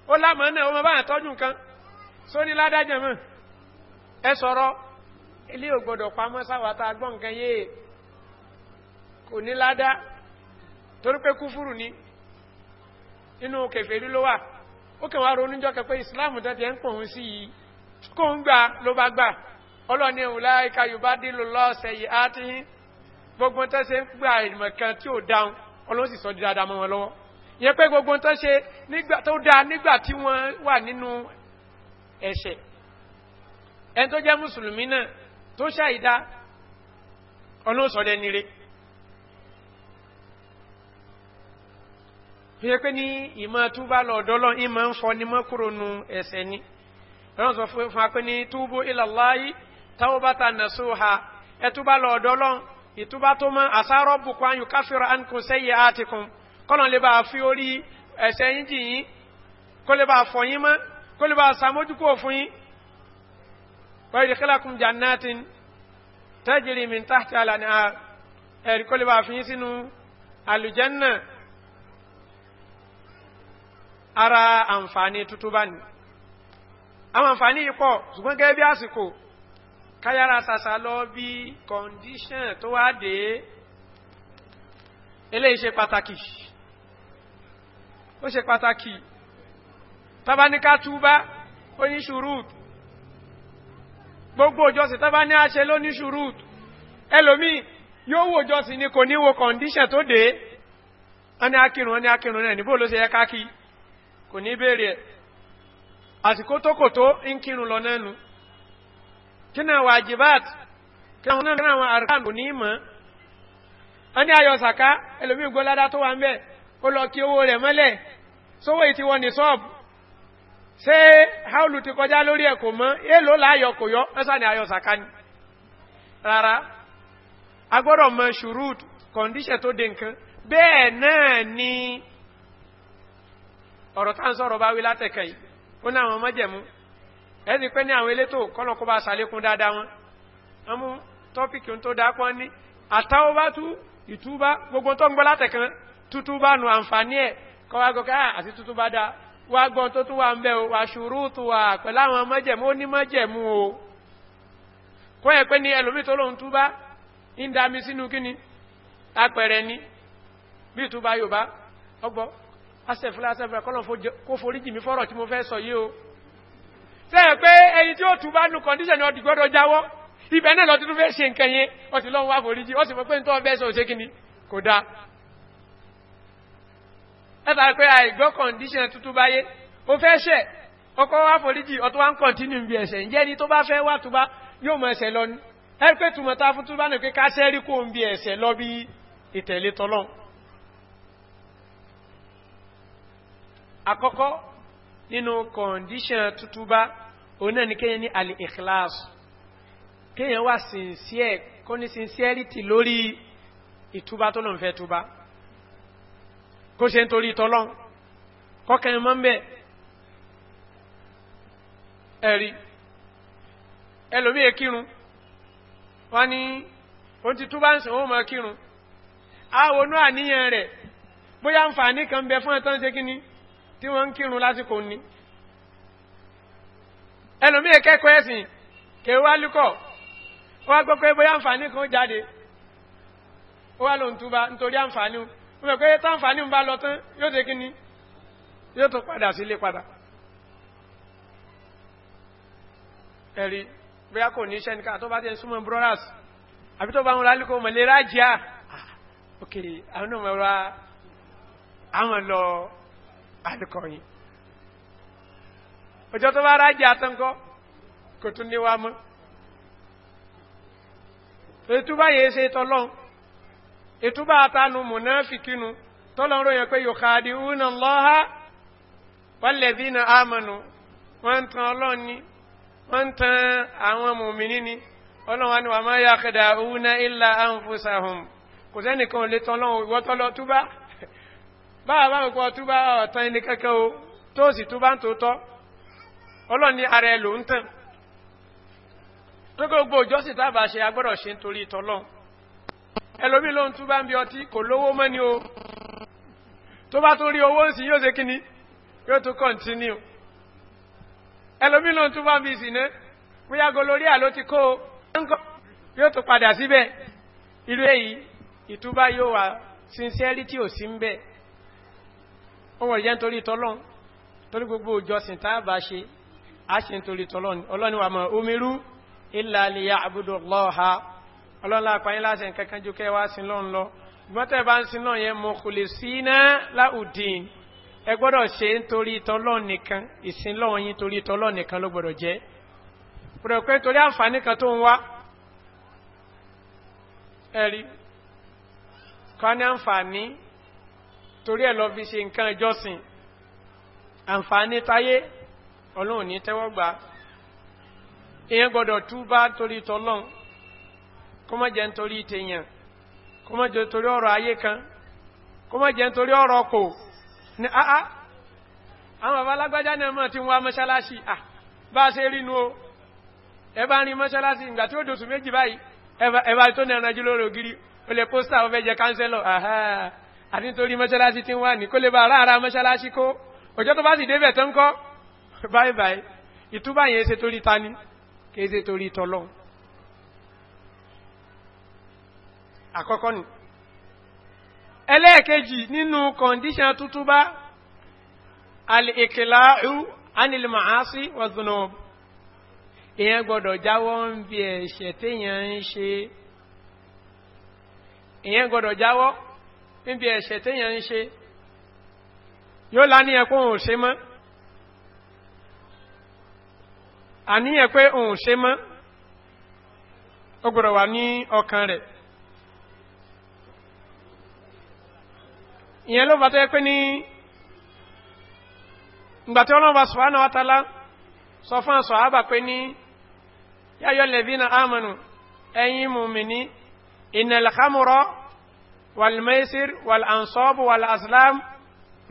ó lámọ̀ náà ọmọ báyà tọ́jú nǹkan só ní ládájẹ̀ mọ́ ẹ sọ̀rọ̀ ilé ògbọ̀dọ̀ pamọ́ sáwàtà gbọ́ nǹkan yé kò ní ládá torí pé kúfúrù ní inú kẹfẹ́rí ló wà ó kẹwàá ronújọ́ kẹfẹ́ ìsìláàmù tó ti ẹ̀ ń pọ̀ òun sí yìí kó ń gbà ló bá gbà ọlọ́ni ìwòlá ìka yorùbá dìlò lọ́ọ̀sẹ̀ yìí á ti gbogbo tẹ́sẹ̀ ń gbà ìmọ̀kan tí ò dáhùn ọlọ́sì sọ dídáadáa mọ́ wọn lọ́wọ́ ìyẹn pé gbogbo tó ṣe tó dáa nígbà tí wọ́n wà nínú ẹ̀ṣẹ̀ ẹni tó jẹ́ mùsùlùmí náà tó ṣàìdá ọlọ́sọ̀dẹ nire ìyẹn pé ní ìmọ̀ túbá lọ́dọ́lọ́ ìmọ̀ ń fọ ní mọ́kúrònú ẹ̀ṣẹ̀ ni lọ́nà sọ fún wa pé ní túbú ìlàláyí táwọn bá ta nà sóha ẹtúbá lọ́dọ́lọ́ ìtúbá tó mọ́ àsárọ́ bùkún ayùkáfíra ànkùn sẹ́yẹ àtìkùn kọ́lọ̀ lè bá fi orí ẹ̀ṣẹ̀ yín jì yín kó lè bá fọ yín mọ́ kó lè bá sàmójúkò fún yín wọ́n yìí kílákùn jannatin tẹ́jìrì mi tàhtí àlàní ẹ̀rí kó lè bá fi yín sínú àlùjẹ́nà ara àǹfààní tuntun bá ní àwọn àǹfààní yìí pọ̀ ṣùgbọ́n gẹ́gẹ́ bí àsìkò káyára sàṣà lọ bí kọ̀ǹdíṣàn tó wá dé eléyìí ṣe pàtàkì ó ṣe pàtàkì tábà ní ká túbá ó ní ṣùrùt gbogbo òjọsìn tábà ní àṣẹ ló ní yóò wò òjọsìn ni kò ní wo kọ̀ǹdíṣẹ̀ tó dé ẹni akírun ẹni akírun náà níbo ló ṣe yẹ káàkì kò ní béèrè ẹ̀ àsìkò tó kò tó ń kírun lọ náà nu kí náà wà jìbáàtì kí ẹni ayọ̀sàká ẹlòmíì gbọ́ládá tó wà ń bẹ̀ ó lọ kí owó rẹ̀ mọ́lẹ̀ sówó ìtí wọ́n ní sọ́ọ̀bù ṣé haúlù ti kọjá lórí ẹ̀kọ́ mọ́ èèlò láàyọ̀ kò yọ ẹ́sà ni ayọ̀ sàkání rárá agbọ́dọ̀ mọ ṣùrùd kọ̀ǹdíṣẹ̀ tó de nǹkan bẹ́ẹ̀ náà ni ọ̀rọ̀ tá ń sọ̀rọ̀ bá wí látẹ̀kẹ́ yìí ó ní àwọn mọ́jẹ̀mú ẹni pé ní àwọn elétò kọ́nàkó bá ṣàlékún dáadáa wọn wọn mú tọ́pìkì tó dáa pọ́n ní àtàwọ́ bá ìtúbá gbogbo tó ń gbọ́ látẹ̀kan tútú bá nu ẹ̀ kọ́ wá gọ́kẹ́ ah, àti tuntun bá dá wá gbọ́n tó tún wà ń bẹ́ o wà ṣùrù tó wà pẹ̀lú àwọn mọ́jẹ̀mú ó o kọ́ ẹ̀ pé ní ẹlòmí tó lóun túbá ń dami sínú kíni apẹ̀rẹ̀ ni bí túbá yorùbá ọgbọ́ asẹ̀fúlá asẹ̀fúlá kọ́lọ̀ kó forí jì mí fọ́rọ̀ tí mo fẹ́ sọ yìí o ṣe é pé ẹni tí ó túbá nu kọ́ndíṣẹ̀ ni ọdì gbọ́dọ̀ jáwọ́ ibẹ̀ náà lọ tuntun látara pé àìgbọ́ condition tuntun báyé ó fẹ́ ṣẹ̀ ọkọ̀ wá foríjì ọ̀tọ́ wá ń kọ̀ntínú bí ẹ̀ṣẹ̀ ǹjẹ́ ni tó bá fẹ́ wà tó bá yóò mọ ẹ̀ṣẹ̀ lọ ní ẹ̀rí pé tùmọ̀ ta fún túbá nù pé káṣẹ́ rí kó ń bí ẹ̀ṣẹ̀ lọ bí ìtẹ̀lé tọ́lọ́n àkọ́kọ́ nínú kọ̀ǹdíṣàn tuntun bá òun náà ni kéyàn ní àlè ìkìláàsù kéyàn wà sincere kó ní sincerity lórí ìtúbá tó lòun fẹ́ túbá kó ṣe ń torí tọ́lọ́n kọ́kẹ́ mọ́ ń bẹ̀ ẹ̀rí ẹlòmíì kírun wọ́n ní ohun ti túbá ń sìn ó mọ̀ kírun àwọnú àníyàn rẹ̀ bóyá ń fà ní kan bẹ fún ẹ̀tọ́ ń ṣe kíní tí wọ́n ń kírun lásìkò ní ẹlòmíì kẹ́kọ̀ọ́ ẹ̀sìn kẹwàálùkọ̀ wọ́n gbọ́ pé bóyá ń fà ní jáde ó wà lóhun túbá nítorí àǹfààní ó mẹ́ pé táǹfààní ń bá lọ tán yóò ṣe kí ni yóò tó padà sílé padà ẹ̀rí a kò ní iṣẹ́ nìkan tó bá ti ń súnmọ́ brothers àbí tó bá ń rálí kó mọ̀lẹ́ rájíà ah, ok àwọn náà mọ̀ra àwọn lọ alukọ̀yìn ọjọ́ tó bá rájíà tán kọ́ kò tún níwá mọ́ ètú báyìí ṣe tọ́lọ́n ìtúbà àtànù mùnáfikínú tọ́lọ̀ ròyìn pé yòkàdì únà lọ́ha wọ́lẹ̀bí na ámànù wọ́n ń tan ọlọ́run ni wọ́n ń tan àwọn mùmìnì ni ọlọ́run ni wà máa yà kẹ̀dà únà ilà àǹfùsàhùn kò sẹ́nìkan ò lè tan ọlọ́run ìwọ́ tọ́lọ́ o tó sì túbá ń ni ara ẹ̀ ló ń tàn tó gbogbo ìjọ́sìn tábà ṣe agbọ́dọ̀ ṣe nítorí tọ́lọ́run ẹlòmí ló ń tún bá ń bí ọtí kò lówó mọ́ ni o tó bá tún rí owó ń sì yóò ṣe kí ni yóò tún kọ̀ntínú ẹlòmí ló ń tún bá ń bí ìsìnná bóyá golórí àló ti kó o yóò tún padà síbẹ̀ irú èyí ìtúbá yóò wà sincerity ò sí ń bẹ̀ ọmọ ìjẹ́ nítorí tọ́lọ́n torí gbogbo òjọsìn tá a bá ṣe a ṣe nítorí tọ́lọ́n ọlọ́ni omirú ìlàlẹ̀ àbúdọ̀ lọ́ha ọlọ́nlá àpáyín láti nkankan ju kẹwàá sí lọ́n lọ ìgbọ́tẹ̀ bá ń sin náà yẹn mo kò lè sí iná láùdín ẹ gbọ́dọ̀ ṣe nítorí ìtọ́lọ́ nìkan ìsin lọ́wọ́ yín torí ìtọ́lọ́ nìkan ló gbọ́dọ̀ jẹ́ gbọ́dọ̀ pé torí àǹfààní kan tó ń wá ẹ̀rí kan ní àǹfààní torí ẹ̀ lọ fi ṣe nǹkan ìjọsìn àǹfààní táyé ọlọ́run ní tẹ́wọ́ gbà èèyàn gbọ́dọ̀ túbá torí ìtọ́lọ́run kó má jẹ́ nítorí ìtẹ̀yàn kó má jẹ́ nítorí ọ̀rọ̀ ayé kan kó má jẹ́ nítorí ọ̀rọ̀ ọkọ̀ ní àá ah, ah. àwọn bàbá náà mọ̀ tí wọ́n á à bá a ṣe rí nu o ẹ bá rí mọ́ṣáláṣí ìgbà tí ó dòṣù méjì báyìí ẹ bá tó ní ẹranjú lórí ògiri ó lè pósítà ó fẹ́ jẹ káńsẹ́lọ̀ àti nítorí mọ́ṣáláṣí tí wọ́n á àkọ́kọ́ ni ẹlẹ́ẹ̀kejì nínú kọndíṣàn tuntun bá alìkìláàrù anìlìmọ̀ásí wọ́zùnà èyàn gbọ́dọ̀ jáwọ́ ń bí ẹ̀ṣẹ̀ téèyàn ń ṣe èyàn gbọ́dọ̀ jáwọ́ ń bí ẹ̀ṣẹ̀ téèyàn ń ṣe yóò láníyàn pé òun ṣe wà ní ọkàn rẹ̀ ìyẹn ló fàtọ́ yẹ pé ní ìgbàtí ọlọ́run subhanahu wa ta'ala sọ fún àṣọ àbà pé ní yáyọ lẹ́bínà àmànù ẹ̀yìn mùmìnì ìnàlẹ̀kámùrọ̀ wàlmẹ́sìr wàlànsọ́bù wàlàsílám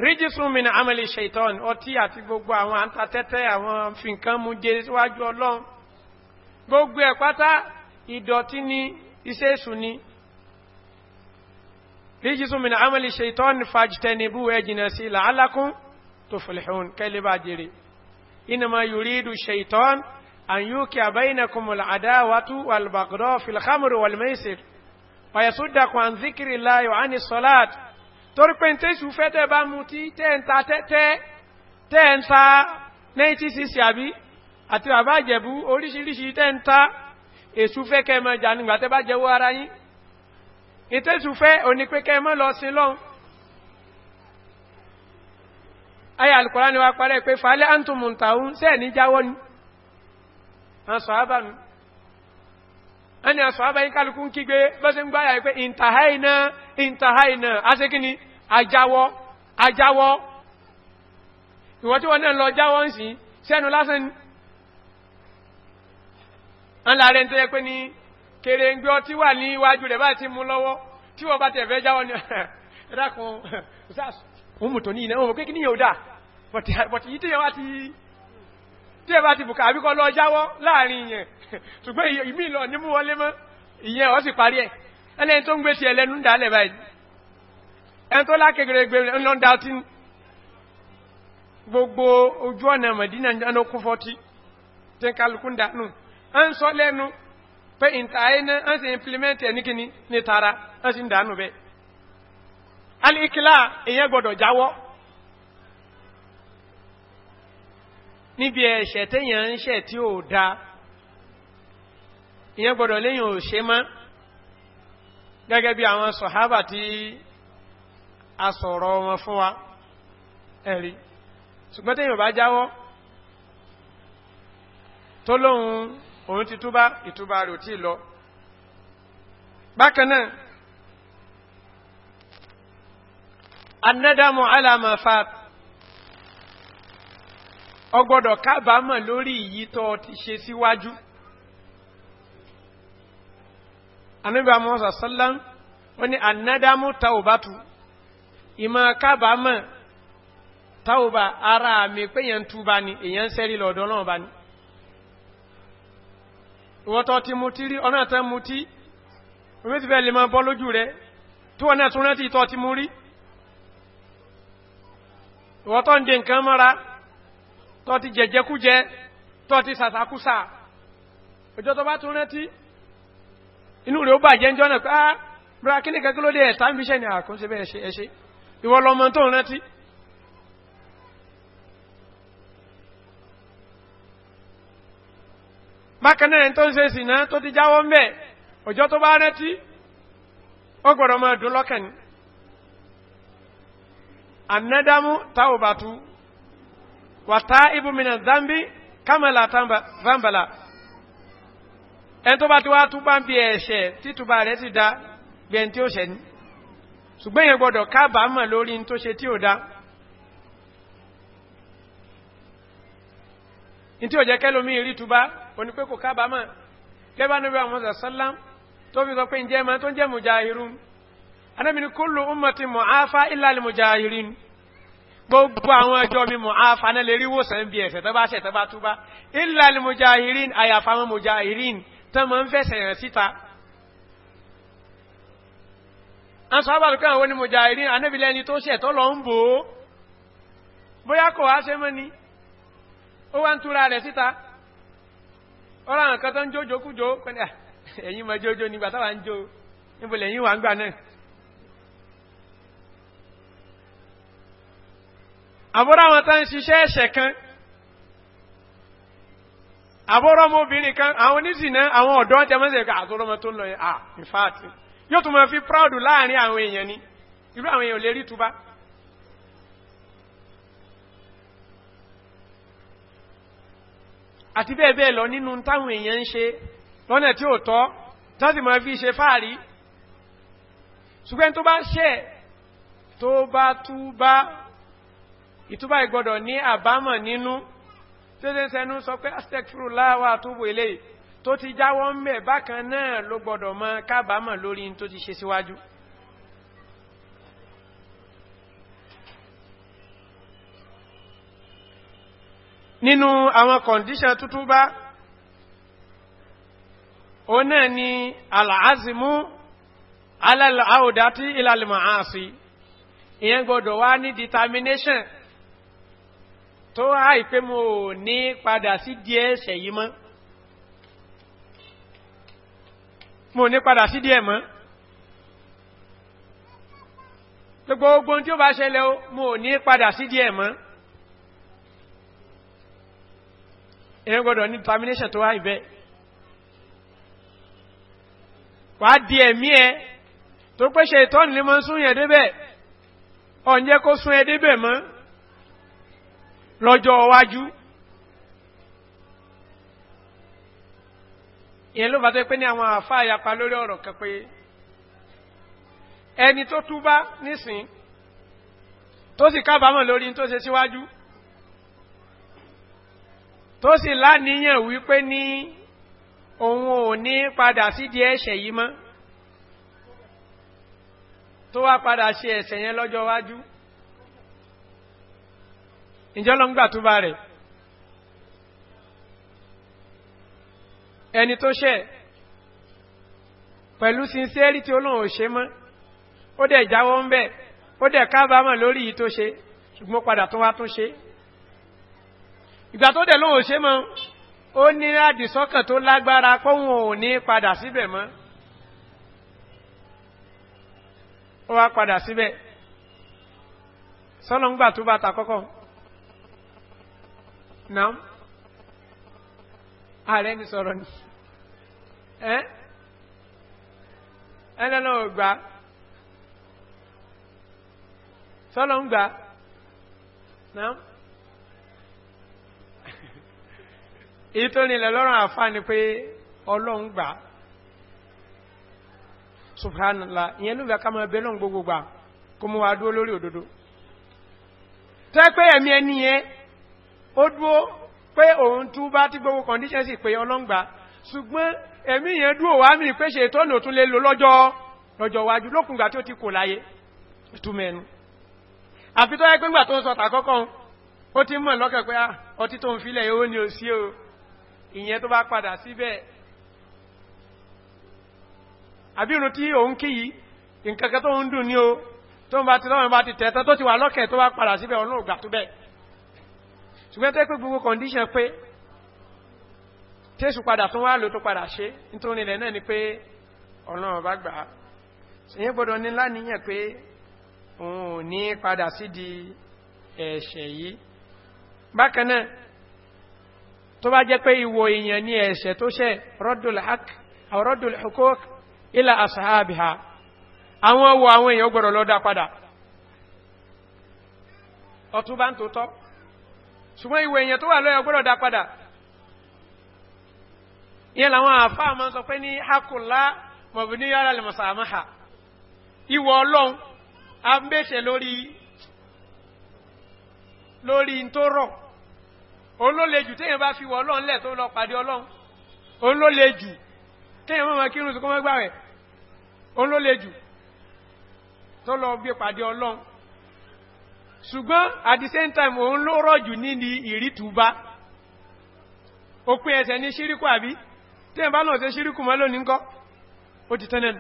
rígísùn mi ní amẹ́lì ṣètọ́n ọtí àti gbogbo àwọn àtàtẹ́tẹ́ àwọn fìǹkan mú jẹ síwájú ọlọ́run gbogbo ẹ̀ ìdọ̀tí ni iṣẹ́ èṣù ni ríjìsùn mi ní amẹ́lì ṣe ìtọ́ni fàjítẹ́nibú ẹ jìnà sí làálàkún tó fìlìhún kẹ́lẹ́ bá jèrè inama yuridu shaitan an yuki abainakum al'adawatu wal baghdha fil khamr wal maisir wa yasuddakum an dhikri llahi wa ani salat torí pé nte su fe te ba ìtẹ́sù fẹ́ òní pé kẹ́ mọ́ lọ sí lọ́n ayé alùkọ́lá ni wá parẹ́ pé falẹ́ antomuntaun sẹ́ ní jáwọ́ ní asọ̀ábánu ẹni asọ̀ábá yí kálukú ń kígbe bọ́sẹ̀ ń gbáyà pé ìntàháìnà ìntàháìnà aṣekíní ajáwọ́ ajáwọ́ ìwọ́n tí wọ́n náà lọ jáwọ́ kèrèǹgbé ọtí wà ní iwájú rẹ̀ báyìí ti mú lọ́wọ́ tí wọ́n bá tẹ̀ fẹ́ jáwọ́ ní ẹ̀dàkùn ọmọ tó ní iná ọmọ kékí ní yóò dà bọ̀tí yí tí ẹ bá ti bùkà àbíkọ́ lọ jáwọ́ láàrin ìyẹn ṣùgbọ́n ìmí lọ ní mú wọlé mọ́ ìyẹn ọ sì parí ẹ̀ ẹlẹ́ni tó ń gbé kálukú ń dánú ẹ ń sọ lẹ́nu pé ìntàáyé náà án sì implement ẹ̀ níkíní ní tara án sì ń dànù bẹ́ alìkílá èyẹ gbọ́dọ̀ jáwọ́ níbi ẹ̀ṣẹ̀ tẹ́yàn ń ṣẹ̀ tí ó da ìyẹn gbọ́dọ̀ léyìn ò ṣe mọ́ gẹ́gẹ́ bí àwọn sọ̀hábà tí a sọ̀rọ̀ wọn fún wa ẹ̀rí ṣùgbọ́n tẹ́yàn bá jáwọ́ tó lóhun òun ti túbá ìtúbá rẹ̀ ò tí lọ bákan náà anádàmú alamafa ọgbọ́dọ̀ kábàámọ̀ lórí ìyí tó ti ṣe síwájú anábà mọ́sà sálám wọ́n ni anádàmú taubatu ìmọ̀ kábàámọ̀ tauba ara mi pé yẹn túbá ni èyàn sẹ́rí lọ́dọ̀ náà bá ni ìwọ́n tọ́ ti mutí rí ọ̀nà tán mutí omi ti fẹ́ lè máa bọ́ lójú rẹ̀ tí wọ́n náà tún rántí ìtọ́ ti mú rí ìwọ́n ń de nǹkan mọ́ra tọ́ ti jẹ̀jẹ̀kújẹ tọ́ ti sàṣàkúsà ọjọ́ tó bá tún rántí inú rẹ̀ ó bàjẹ́ ń jọ́nà pé ah ni àkóńṣe bẹ́ẹ̀ ṣe ìwọ́ lọ́mọ bákan náà tó ń ṣe ìsìnà tó ti jáwọ́ ń bẹ̀ òjò tó bá rántí ó gbọ́dọ̀ máa dùn lọ́kàn ní anadamu taubatu wata ibu mina zambi kamala zambala ẹni tó bá ti wá túbá ń bí ẹ̀ṣẹ̀ títúbà rẹ̀ ti dá bí ẹni tí ó ṣẹ̀ ní ṣùgbọ́n èyàn gbọ́dọ̀ kábàámọ̀ lórí tó ṣe tí ó dá ní tí ó jẹ́ rí túbá òní pé kò kábàámọ̀ gẹ́gbà níbi àwọn ọmọ sàlám tó fi sọ pé ǹjẹ́ máa tó ń jẹ́ mùjáhirun anábì ní kúlù ummati mu'afa illa lil mujáhirin gbogbo àwọn ẹjọ́ mi mu'afa náà lè rí wòsàn bí ẹ̀ṣẹ̀ tó bá ṣẹ̀ tó bá túbá illa lil mujáhirin àyàfà àwọn mujáhirin tó máa ń fẹsẹ̀ hàn síta asọ́bàlùkọ́ àwọn ni mùjáìrí anẹ́bìlẹ̀ ẹni tó ṣẹ̀ tó lọ ń bò ó bóyá kò wá ṣe mọ́ ni ó wá ń túra rẹ̀ síta ọ́rọ̀ àwọn kan tó ń jójó kújó pẹ̀lú ẹ̀yìn mọ́ jójó nígbà tó wà ń jó níbo lẹ́yìn wà ń gbà náà àbúrò àwọn tó ń ṣiṣẹ́ ẹ̀ṣẹ̀ kan àbúrò ọmọbìnrin kan àwọn oníṣìná àwọn ọ̀dọ́ tẹmọ́sẹ̀ ká àtúrò ọmọ tó ń lọ yẹn ah in fact yóò tún mọ fi proud láàrin àwọn èèyàn ni irú àwọn èèyàn ò lè rí tuba àti bẹ́ẹ̀ bẹ́ẹ̀ lọ nínú táwọn èèyàn ń ṣe lọ́nà tí ó tọ́ tọ́sí mọ́ fi ṣe fáàrí ṣùgbọ́n tó bá ṣẹ́ tó bá túbá ìtúbá ìgbọ́dọ̀ ní àbámọ̀ nínú tẹ́sẹ̀sẹ̀nú sọ pé astagfuru láwà túbò ilé tó nínú àwọn kọ̀ndíṣàn tuntun bá o náà ni al'azimu al'audati ilalima asi ìyẹn gbọdọ̀ wá ní determination tó há ìpé mo ní padà sí díẹ̀ ṣẹ̀yí mọ́ mo ní padà sí díẹ̀ mọ́ gbogbo ogun tí ó bá ṣẹlẹ̀ mo ní padà sí díẹ̀ mọ́ èyàn gbọ́dọ̀ ní termination tó wá ìbẹ́ wà á di ẹ̀mí ẹ tó pé ṣe ìtọ́nù lè mọ́ sún yẹn débẹ̀ ọ̀njẹ́ kó sún ẹ débẹ̀ mọ́ lọ́jọ́ iwájú ìyẹn ló bá tó pé ní àwọn àfá àyapa lórí ọ̀rọ̀ kan ẹni tó túbá nísìn tó sì kábàámọ̀ lórí tó ṣe síwájú tó sì láníyàn wípé ní òun ò ní padà sídi ẹ̀ṣẹ̀ yìí mọ́ tó wá padà ṣe ẹ̀ṣẹ̀ yẹn lọ́jọ́ wájú ìjọlọ́ngbà tó bá rẹ̀ ẹni tó ṣẹ̀ pẹ̀lú sincere tí olóhùn ò ṣe mọ́ ó dẹ̀ jáwọ́ ń bẹ̀ ó dẹ̀ kábàámọ̀ lórí yìí tó ṣe ṣùgbọ́n padà tó wá tún ṣe ìgbà tó dẹ̀ lóhùn ṣe mọ́ ó ní àdìsọ́kàn tó lágbára kóhun ò ní padà síbẹ̀ mọ́ ó wá padà síbẹ̀ sọ́lọ́ngbà tó bá ta náà ààrẹ ní sọ̀rọ̀ ní ẹ́ ẹlẹ́nà ò gbà náà. èyí tó nílẹ̀ lọ́rùn àfá ni pé ọlọ́run gbà subhanallah ìyẹn ló fẹ́ ká máa bẹ náà gbogbo gbà kó mú wa dúró lórí òdodo tẹ́ pé ẹ̀mí ẹni yẹn ó dúó pé òun tú bá tí gbogbo condition sì pé ọlọ́run gbà ṣùgbọ́n ẹ̀mí yẹn dúó wá mí pé ṣe ìtọ́nà tún lè lò lọ́jọ́ lọ́jọ́ wájú lókùngbà tí ó ti kò láyé ìtumẹ̀nu àfi tó yẹ pé ńgbà tó ń sọ tàkọ́kọ́ ó ti mọ̀ lọ́kẹ̀ pé ah, ọtí tó ń filẹ̀ yóò ní òsí o ìyẹn tó bá padà síbẹ̀ àbírun tí òun kí yìí nkankan tó ń dùn ní o tó ń bá ti lọ́wọ́n bá ti tẹ̀ẹ́tọ́ tó ti wà lọ́kẹ̀ tó bá padà síbẹ̀ ọlọ́ọ̀gbà tó bẹ̀ ṣùgbọ́n tó pé gbogbo condition pé tẹ́sù padà tó wá lò tó padà ṣe nítorí ilẹ̀ náà ni pé ọlọ́run bá gbà á ṣèyí gbọ́dọ̀ ní láníyàn pé òun ò ní padà sí di ẹ̀ṣẹ̀ yìí bákan náà tó bá jẹ́ pé ìwò èèyàn ní ẹ̀ṣẹ̀ tó ṣẹ́ rọ́dùl hukuk ilá àṣàábì ha àwọn ọwọ́ àwọn èèyàn gbọ́rọ̀ lọ́dá padà ọ̀tún bá ń tó tọ́ ṣùgbọ́n ìwò èèyàn tó wà lọ́yọ̀ gbọ́rọ̀ dá padà ìyẹn làwọn àfáà máa sọ pé ní hakùnlá mọ̀bìnrin yára lè mọ̀sàmáhà ọlọ́run a ń bẹ́ṣẹ̀ lórí lórí tó rọ̀ olólejù téèyàn bá fi wọ ọlọ́run lẹ̀ tó lọ pàdé ọlọ́run olólejù téèyàn mọ́ kírun tó mọ́ gbà rẹ̀ olólejù tó lọ gbé pàdé ọlọ́run ṣùgbọ́n at the same time òun ló rọ̀jù nídi ìrítùbá ó pín ẹsẹ̀ ní ṣíríkù àbí téèyàn bá náà tẹ́ ṣíríkù mọ́ lónìí ńkọ́ ó ti tẹ́nẹ̀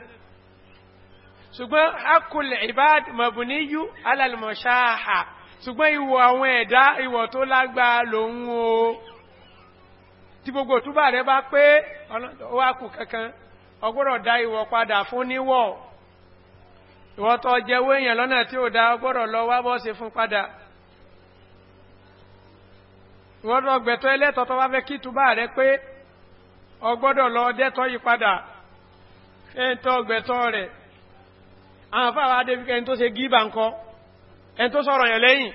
ṣùgbọ́n ìwọ̀ àwọn ẹ̀dá ìwọ̀ tó lágbàá lòun o tí gbogbo túbà rẹ bá pé wà kù kankan ọgbọ́rọ̀ dá ìwọ̀ padà fún níwọ̀ ìwọ́ tó lọ́nà tí ó dá ọgbọ́rọ̀ lọ wá bọ́ sí fún padà tó gbẹ̀tọ́ tó bá fẹ́ kí túbà rẹ pé ọgbọ́dọ̀ lọ dẹ́tọ́ yí padà gbẹ̀tọ́ rẹ̀ àwọn fáwọn adébíkẹ́ni tó ṣe gíbà ńkọ́ ẹn tó sọ̀rọ̀ yẹn lẹ́yìn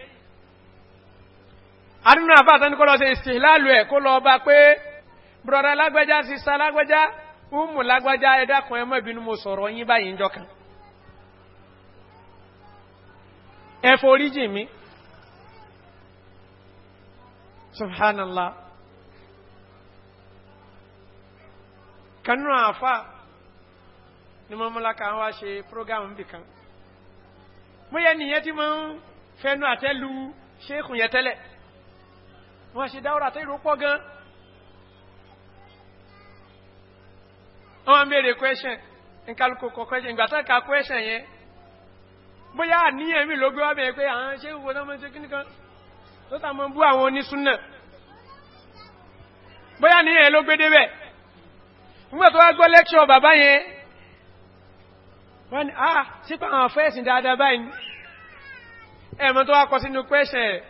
arínú àfáàtà ní kó lọ sí ìsìláàlù ẹ̀ kó lọ bá pé brọ́dá lágbẹ́já sísá lágbẹ́já umu lágbẹ́já ẹ̀dàkùn ẹmọ́ ìbínú mo sọ̀rọ̀ yín báyìí jọkan mi subhanallah ni mọ́mọ́lá kan wá ṣe bóyá nìyẹn tí wọ́n ń fẹnu àtẹ́lu ṣéèkùn yẹn tẹ́lẹ̀ wọ́n ṣe dáwọ́rà tẹ́ ìrópọ̀ gan wọ́n mẹ́rẹ̀ kwẹ́ṣẹ̀ nkálukú kọ kwẹ́ṣẹ̀ ìgbàtà ká kwẹ́ṣẹ̀ yẹn bóyá àníyàn mi ló gbé wá bẹ̀rẹ̀ pé àwọn ṣéèkùn kò tọ́mọ́ ṣe kíníkan tó tà mọ́ bú àwọn onísúnnà bóyá àníyàn ló gbé débẹ̀ nígbà tó wá gbọ́ lẹ́kṣọ̀ bàbá yẹn wọ́n ni ah sípa àwọn fẹ́ẹ̀sìn dáadáa báyìí ẹ̀mọ́ tó wá kọ sínú kwẹ́ṣẹ̀ ẹ̀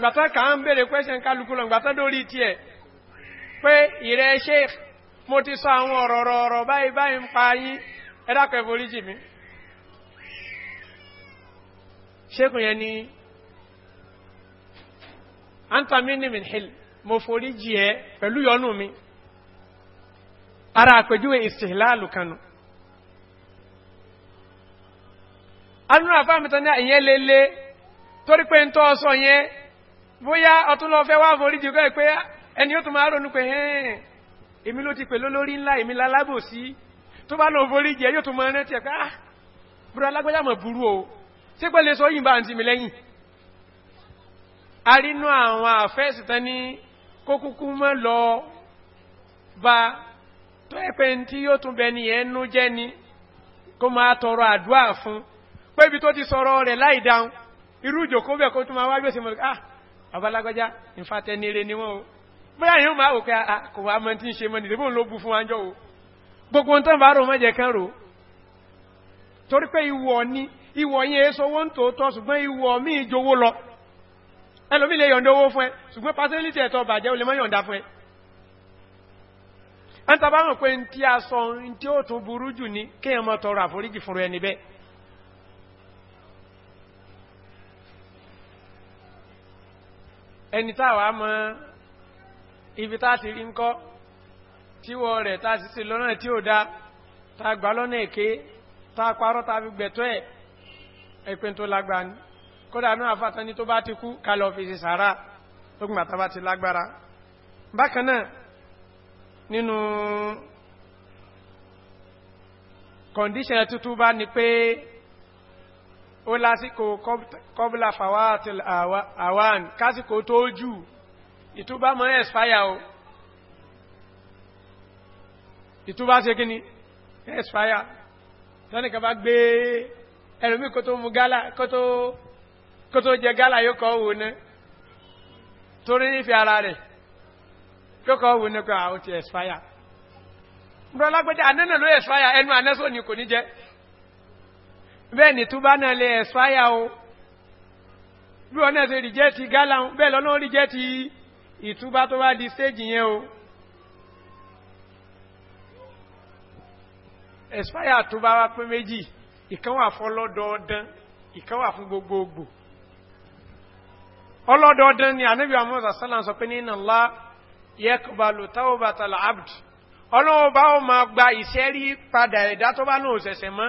gbàtọ́ kà ń bèèrè kwẹ́ṣẹ̀ kálukú lọ gbàtọ́ lórí tí ẹ̀ pé ìrẹ́ ṣe mo ti sọ àwọn ọ̀rọ̀ báyìí báyìí ń pa anú àfáàmìtàn ní ìyẹn lélẹ̀ torí pé ń tọ́ ọsọ yẹn bóyá ọtún lọ fẹ́ wá forí jù kọ́ pé ẹni ó tún máa ronú pé hẹ́n èmi ló ti pè lólórí ńlá èmi lálábòsí tó bá lọ forí jẹ yóò tún máa rántí ẹ̀ pé ah bùrọ̀ alágbájá mọ̀ burú o ṣé pé lè sọ yìnbá àǹtí mi lẹ́yìn arínú àwọn àfẹ́sì tán ní kókúkú mọ́ lọ bá tó ẹ̀pẹ́ tí yóò tún bẹ ní ẹnu jẹ́ ni kó máa tọrọ àdúà fún pé ibi tó ti sọ̀rọ̀ rẹ̀ láì dáhùn irú ìjòkó bẹ̀ kó tún máa wájú sí mọ̀lẹ́kà àbálágbájá ah, ìfàtẹnire ni wọ́n o bóyá yóò máa wò pé ah, ah, kò wá mọ́ tí ń ṣe mọ́ nìdí bóun ló bu fún wájọ́ o gbogbo ń tán bá rò mọ́jẹ kan rò torí pé ìwọ̀ ni ìwọ̀ yẹn èso owó ń tòótọ́ ṣùgbọ́n ìwọ̀ míì jowó lọ ẹlòmí lè yọ̀ǹda owó fún ẹ ṣùgbọ́n pásẹ́lítì ẹ̀tọ́ bàjẹ́ olè mọ́ yọ̀ǹda fún ẹ ẹn tàbá mọ̀ pé tí a sọ tí ó tún burú jù ní kéèyàn mọ́ tọrọ àforíjì fún ẹni bẹ́ẹ̀ ẹni táwa mọ ibi tá ti rí ńkọ́ tíwọ rẹ̀ tá ti sí lọ́nà tí ò dá tá gbà lọ́nà èké tá parọ́ tá fi gbẹ̀tọ́ ẹ̀ ẹ̀pẹ́ tó lágbára ni kódà náà fàtán ní tó bá ti kú kálọ̀ fi sàárà tó gbà tá bá ti lágbára bákan náà nínú kọ̀ǹdíṣẹ̀ tuntun bá ni pé ó lásìkò kọbílà fàwátìl àwọn kásìkò tó jù ìtúbá mọ́ ẹ̀sfáyà o ìtúbá ṣe gíní ẹ̀sfáyà tọ́nìkan bá gbé ẹlòmí kó tó mú gálà kó tó jẹ gálà yóò kọ́ wò ná torí nífẹ́ ara rẹ̀ yóò kọ́ wò ná kó ah, àwọn ti ẹ̀sfáyà mbọ́lágbẹ́jẹ́ ànẹ́nà ló ẹ̀sfáyà ẹnu ànẹ́sọ́ ni kò ní jẹ́ bẹ́ẹ̀ ni túbá náà lè ẹ̀sfáyà o bí wọ́n náà ṣe ti gálà bẹ́ẹ̀ lọ́nà rìjẹ́ ti ìtúbá tó wá di stéjì yẹn o ẹ̀sfáyà túbá wá pé méjì ìkan wà fún ọlọ́dọọdán ìkan wà fún gbogbogbò ọlọ́dọọdán ni ànábì amúhàsá sálà sọ pé nínú ńlá yẹkùbalù táwọn bàtàlà abd ọlọ́wọ́ bá ó máa gba ìṣẹ́rí padà ẹ̀dá tó bá náà ṣẹ̀ṣẹ̀ mọ́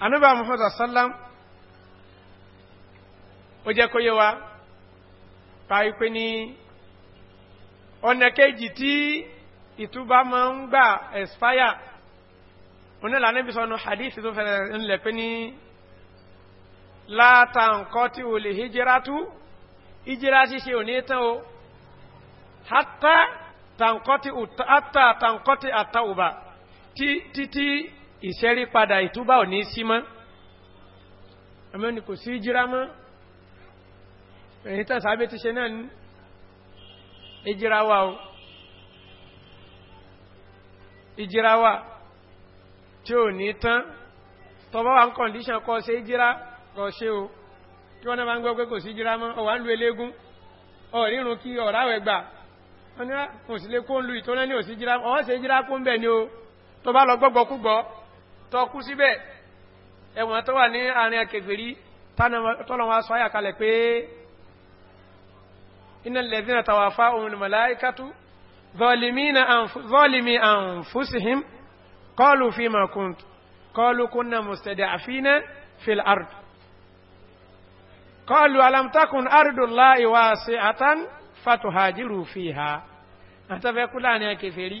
anuba muhammad sallam ó jẹ́ kó wa báyìí pé ní ọ̀nà kejì tí ìtúbà máa ń gbà expire onílà níbi hadithi hadith tó fẹ́rẹ̀ ńlẹ̀ pé ní látàǹkọ́ tí o lè hijira tú hijira ṣíṣe ò ní tán o hátà tàǹkọ́ tí àtàwùbà títí ìṣẹ́rí padà ìtúbà ò ní sí mọ́ àmọ́ni kò sí jíra mọ́ èyí tàn sábẹ́ ti ṣe náà ní ìjírawà o ìjírawà tí ò ní tán tọba wa ń kọ̀ndíṣàn kọ́ ṣe ìjíra kọ́ ṣe o kí wọ́n náà bá ń gbọ́ pé kò sí jíra mọ́ ọ̀wà ń lu elégún ọ̀rírun kí ọ̀ráwẹ̀ gbà wọ́n ní ah, kò sí lé kó ń lu ìtọ́nà ní òsí jíra ọ̀wọ́ ṣe ìjíra kó ń bẹ̀ ni o tọba lọ gbọ́gbọ́ tọ́kú síbẹ̀ ẹ̀wọ̀n tó wà ní àárín akẹgbèrí tọ́lọ́wọ́ aṣọ àyàkalẹ̀ pé iná lẹ́dí na tàwà fá ohun mọ̀láíkàtú zọ́ọ̀lìmí àǹfúsìhìm kọlù fi makund kọlù kúnnà mustadi àfínà fil ard kọlù alamtakun ardùlá ìwà àtàn fatuhajiru fi ha àtàfẹ́kú láàrin akẹfẹ́rí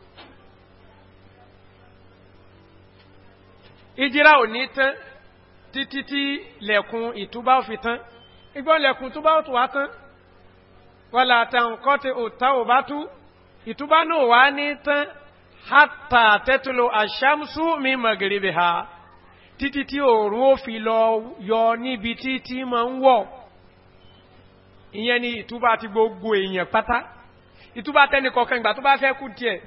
ìjírá ò ní tán títí tí lẹ̀kùn ìtúbá ò fi tán ìgbọ́n lẹ̀kùn túbá ò tó wá tán wọ́n là tàn kọ́ ti òtá ò bá tú ìtúbá náà wá ní tán hátà tẹ́tùlò àṣàmsú mi mọ̀gẹ̀rẹ̀bẹ̀ ha títí tí òòrùn ó fi lọ yọ níbi tí tí máa ń wọ̀ ìyẹn ni ìtúbá ti gbogbo èèyàn pátá ìtúbá tẹ́nìkọ̀ọ̀kan ìgbà tó bá fẹ́ kú díẹ̀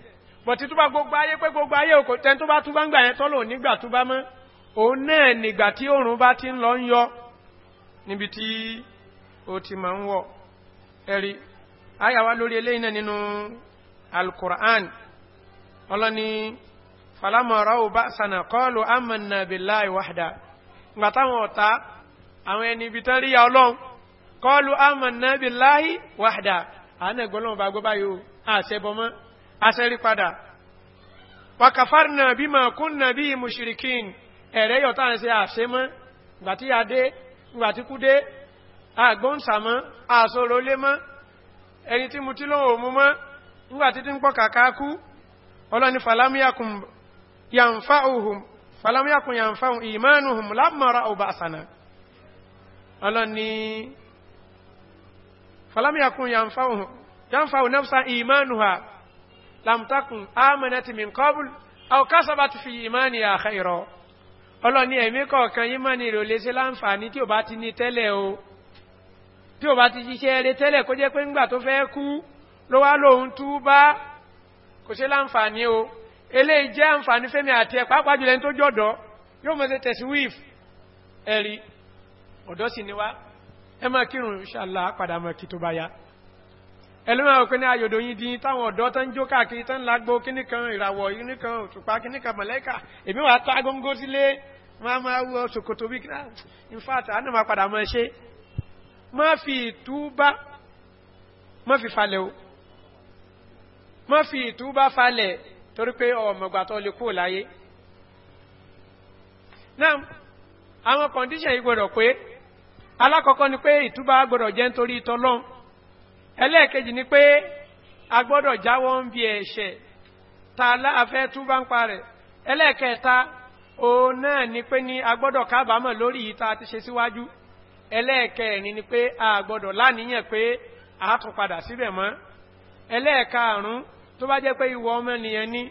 bọ̀tí tó bá gbogbo ayé pé gbogbo ayé òkò tẹ́ tó bá túbá ń gbà yẹn tọ́lọ̀ nígbà túbá mọ́ òun náà nìgbà tí òòrùn bá ti ń lọ ń yọ níbi tí ó ti máa ń wọ̀ ẹ̀rí ayàwá lórí eléyìí náà nínú alukur'an ọlọ́ni falamọ̀rọ̀ ò bá sànà kọ́ọ̀lù amànàbìlá ìwádà ìgbà táwọn ọ̀tá àwọn ẹni ibi tán ríyà ọlọ́run kọ́ọ̀lù amànàbìlá ìwádà àánà ìgbọ́lọ́run bá gbọ́ báyìí ó àṣẹbọmọ́ àṣẹrí padà wakafar náà bí máa kún náà bí mushrikin ẹ̀rẹ́ yọ̀ tá à ń ṣe àṣemọ́ gbàtí adé gbàtí kúdé àgbóǹsàmọ́ àṣòro lé mọ́ ẹni tí mu tí lóhùn òmu mọ́ nígbàtí tí ń pọ̀ kàkà kú ọlọ́ni falamiyakun yànfà lam takun amanat min qabl aw kasabat fi imaniha khayra ọlọ́ni ẹ̀mí kọ̀ọ̀kan yí imani ro lè ṣe láǹfààní tí ò bá ti ní tele o tí ò bá ti ṣiṣẹ́ eré tẹ́lẹ̀ kó jẹ́ pé ńgbà tó fẹ́ kú ló wá lóhun tú bá kò ṣe láǹfààní o eléyìí jẹ́ àǹfààní fẹ́mi àti ẹ̀ pàápàá jùlọ ẹni tó jọ̀dọ̀ yóò mọ̀ sí tẹ̀sí wíìf ẹ̀rí ni wá ẹ máa kírun ṣàlá padà mọ̀ kí tó bá yá ẹlẹ́wọ̀n òkú ní ayòdò yìí dín táwọn ọ̀dọ́ tó ń jó káàkiri tó ń lágbó kíní kan ìràwọ̀ kíní kan òtùpá kíní kan mọ̀lẹ́kà èmi wà tá góńgó sílé máa máa wọ ṣòkòtò bí kíná in fact àánú máa padà máa ṣe má fi ìtúbá má fi falẹ̀ o má fi ìtúbá falẹ̀ torí pé ọmọgbà tó lè kú láyé náà àwọn kọ̀ǹdíṣẹ̀ yìí gbọ́dọ̀ pé alákọ̀ọ́kọ́ ni pé ìtúbá gbọ́dọ̀ jẹ́ nítorí tọ́lọ́run ẹlẹ́ẹ̀kejì ni pé a gbọ́dọ̀ jáwọ́ ń bi ẹ̀ṣẹ̀ ta afẹ́ tú bá ń pa rẹ̀ ẹlẹ́ẹ̀kẹta o náà ni pé ní a gbọ́dọ̀ kábàámọ̀ lórí yìí a ti ṣe síwájú ẹlẹ́ẹ̀kẹrin ni pé a gbọ́dọ̀ láníyàn pé a tún padà síbẹ̀ mọ́ ẹlẹ́ẹ̀karùn-ún tó bá jẹ́ pé ìwọ ní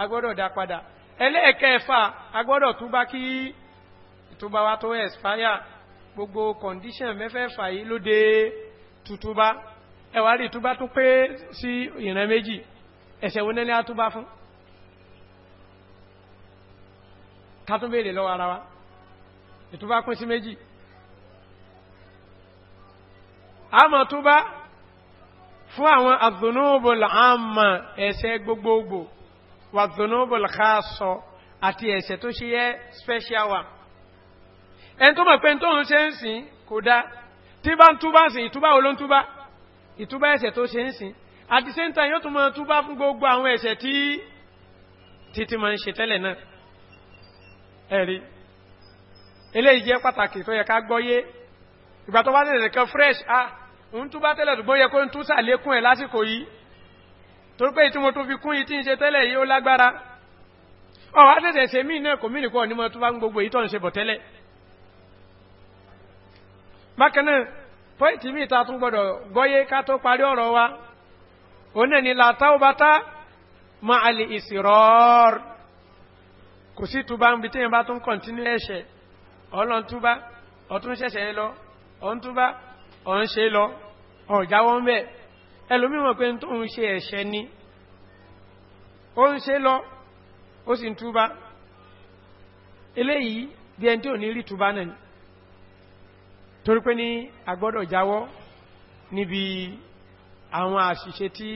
a gbọ́dọ̀ dá padà ẹlẹ́ẹ̀kẹfà a gbọ́dọ̀ túbá kí ìtúbá gbogbo condition yìí ló dé tutuba ẹwà rí ìtúbá tún pé sí ìran méjì ẹ̀ṣẹ̀ wo nẹ́ni àtúbá fún kátún béèrè lọ́wọ́ ara wa ìtúbá pín sí méjì àmọ́ túbá fún àwọn àdùnúbòl àmà ẹ̀ṣẹ̀ gbogbogbò wà àdùnúbòl káàsọ àti ẹ̀ṣẹ̀ tó ṣe yẹ special one ẹni tó mọ̀ pé tó ń ṣe ń sìn kò dá tí bá ń túbá sìn ìtúbá olóńtúbá ìtúbá ẹ̀ṣẹ̀ tó ṣe ń sìn at the same time yóò tún máa túbá fún gbogbo àwọn ẹ̀ṣẹ̀ tí títí máa ń ṣe tẹ́lẹ̀ náà ẹ̀rí eléyìí jẹ́ pàtàkì tó yẹ ká gbọ́yé ìgbà tó bá tẹ̀lẹ̀ kan fresh ah òun túbá tẹ́lẹ̀ tó gbóyẹ kó ń tún sàlékún ẹ̀ lásìkò yìí torí pé tí mo tún fi kún yìí tí ń ṣe tẹ́lẹ̀ yìí ó lágbára ọ̀wá tẹ̀sẹ̀ ṣe míì náà kò míì nìkan ní mọ túbá gbogbo yìí tó ń ṣe bọ̀ tẹ́lẹ̀ bákan náà pọ́ìntì míì ta tún gbọ́dọ̀ gọ́yé ká tó parí ọ̀rọ̀ wa oní ni làtá ó bá tá ma àlè ìsìrọ́ọ̀rù kò sí túbá ń bi téèyàn bá tún kọ̀ntínú ẹ̀ṣẹ̀ ọlọ́n túbá ọtún ṣẹ̀ṣẹ̀ lọ ọ̀n túbá ń lọ ó ni torí pé ní agbọ́dọ̀ jáwọ́ níbi àwọn àṣìṣe tí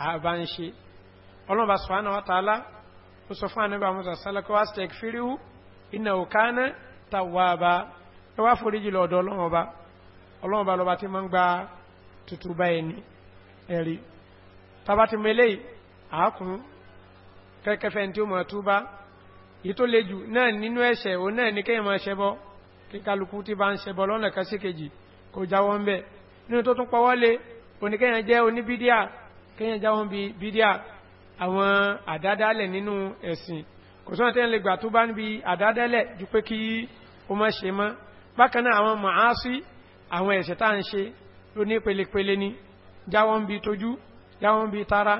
a bá ń ṣe ọlọ́ba sọ́hánà wátàálá ó sọ fún àníbà musa sálẹ́kọ́ wá stẹ̀k fíríhù iná òkáná tàwàbá ẹ wá forí jùlọ ọ̀dọ̀ ọlọ́mọba ọlọ́mọba lọba tí máa ń gba tuntun bá ẹni ẹ̀rí tàbá ti mẹ́lẹ̀ àákùn kẹ́kẹ́fẹ́ tí ó mọ̀ túbá èyí tó jù náà nínú ẹ̀ṣẹ̀ òun náà ní kéèyàn máa ṣẹbọ́ kí kálukú tí bá ń ṣẹbọ lọ́nà kan sí kejì kó jáwọ́ ń bẹ̀ nínú tó tún pawọ́lé oníkẹ́yàn jẹ́ oníbídíà kẹ́yàn jáwọ́ ń bi bídíà àwọn àdádálẹ̀ nínú ẹ̀sìn kò sọ́nà tẹ́yìn lè gbà tó bá ń bi àdádálẹ̀ ju pé kí ó má ṣe mọ́ bákan náà àwọn màásí àwọn ẹ̀ṣẹ̀ tá à ń ṣe ló ní pelepele ní jáwọ́ ń bi tójú jáwọ́ ń bi tara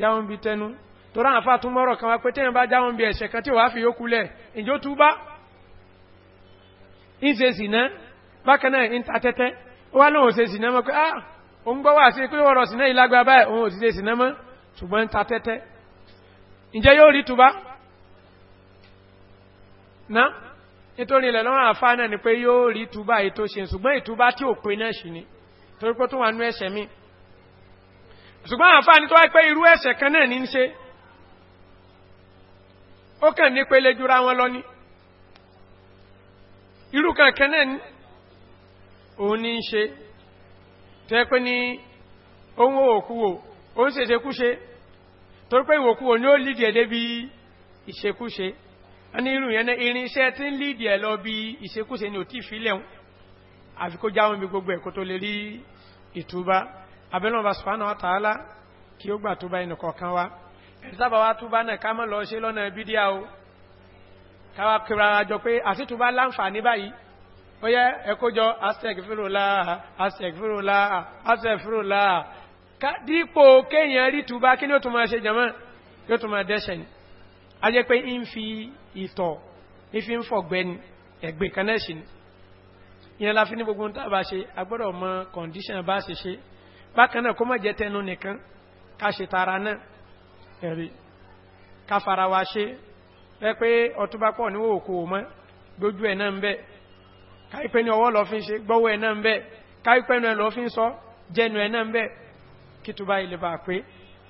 jáwọ́ ń bi tẹnu tó ráhàn fà tún mọ́rọ̀ kan wá pé tẹ́yìn bá jáwọ́ ń bi ẹ̀ṣẹ̀ kan tí wàá fi yókù lẹ̀ ǹjọ́ ń ṣe bákan náà ń ta tẹ́tẹ́ ó wá mọ́ pé ah òun gbọ́ wà sí pé ọ̀rọ̀ zìnà yìí lágbára báyìí òun ò sì mọ́ ṣùgbọ́n ń ta yóò rí tuba na nítorí ilẹ̀ lọ́rùn àfá ni pé yóò rí tuba ètò ṣe ṣùgbọ́n ìtuba tí ò pé náà ṣì ni torí pé tó wà mi ṣùgbọ́n tó wáyé pé irú ẹ̀ṣẹ̀ kan náà ní ṣe irú kankan náà ní òun ní ṣe tẹ́ pé ní ohun òkúwò ó ń ṣèṣekúṣe torí pé ìwòkúwò ní ó lìdí ẹ̀ débi ìṣekúṣe ní irú yẹn náà irinṣẹ́ tí ń lìdí ẹ̀ lọ bí ìṣekúṣe ni ò tí ìfilẹ̀ hun àfi kó jáwọn bí gbogbo ẹ̀kọ́ tó lè rí ìtúbá abẹ́lọ́ba sùpánà káwà kíra jọ pé àsìtúbá láǹfààní báyìí ó yẹ ẹkójọ asẹ̀gfúrúláà asẹ̀gfúrúláà asẹ̀gfúrúláà dípò kéèyàn rí túbá kí ní ó tún máa ṣe jẹmọ́ yóò tún máa dẹ́ṣẹ̀ ni a jẹ́ pé ń fi ìtọ̀ ń fi ń fọ̀gbẹ́ ni ẹ̀gbẹ́ kan náà ṣì ni ìyẹn la fi ní gbogbo tá ṣe a gbọ́dọ̀ mọ kọ̀ǹdíṣàn bá ṣe ṣe bákan náà kó má jẹ́ tẹnu nìkan ká ṣe tara náà ẹ̀rí ká fara ṣe ẹ pé ọtúbá pọ̀ ní òkú mọ́ gbójú ẹ̀ náà ń bẹ́ káìpẹ́ ní ọwọ́ lọ fi ṣe gbọ́wọ́ ẹ̀ náà ń bẹ́ káìpẹ́ ní ẹ̀lọ́ fi ń sọ jẹnu ẹ̀ náà ń bẹ́ kí tó bá ilé bá pé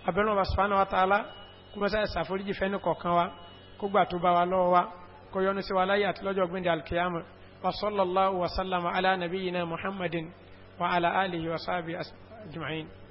abẹ́rún ọba sùpánà wa tààlà kó mọ́ sáyẹ̀ sàforíjì fẹ́ni kọ̀ọ̀kan wa kó gbà tó bá wa lọ́wọ́ wa kó yọnu sí wa láyé àti lọ́jọ́ gbẹ̀ndẹ̀ alkiyama wa sallallahu wa sallama ala nabiyina muhammadin wa ala alihi wa sahbihi ajma'in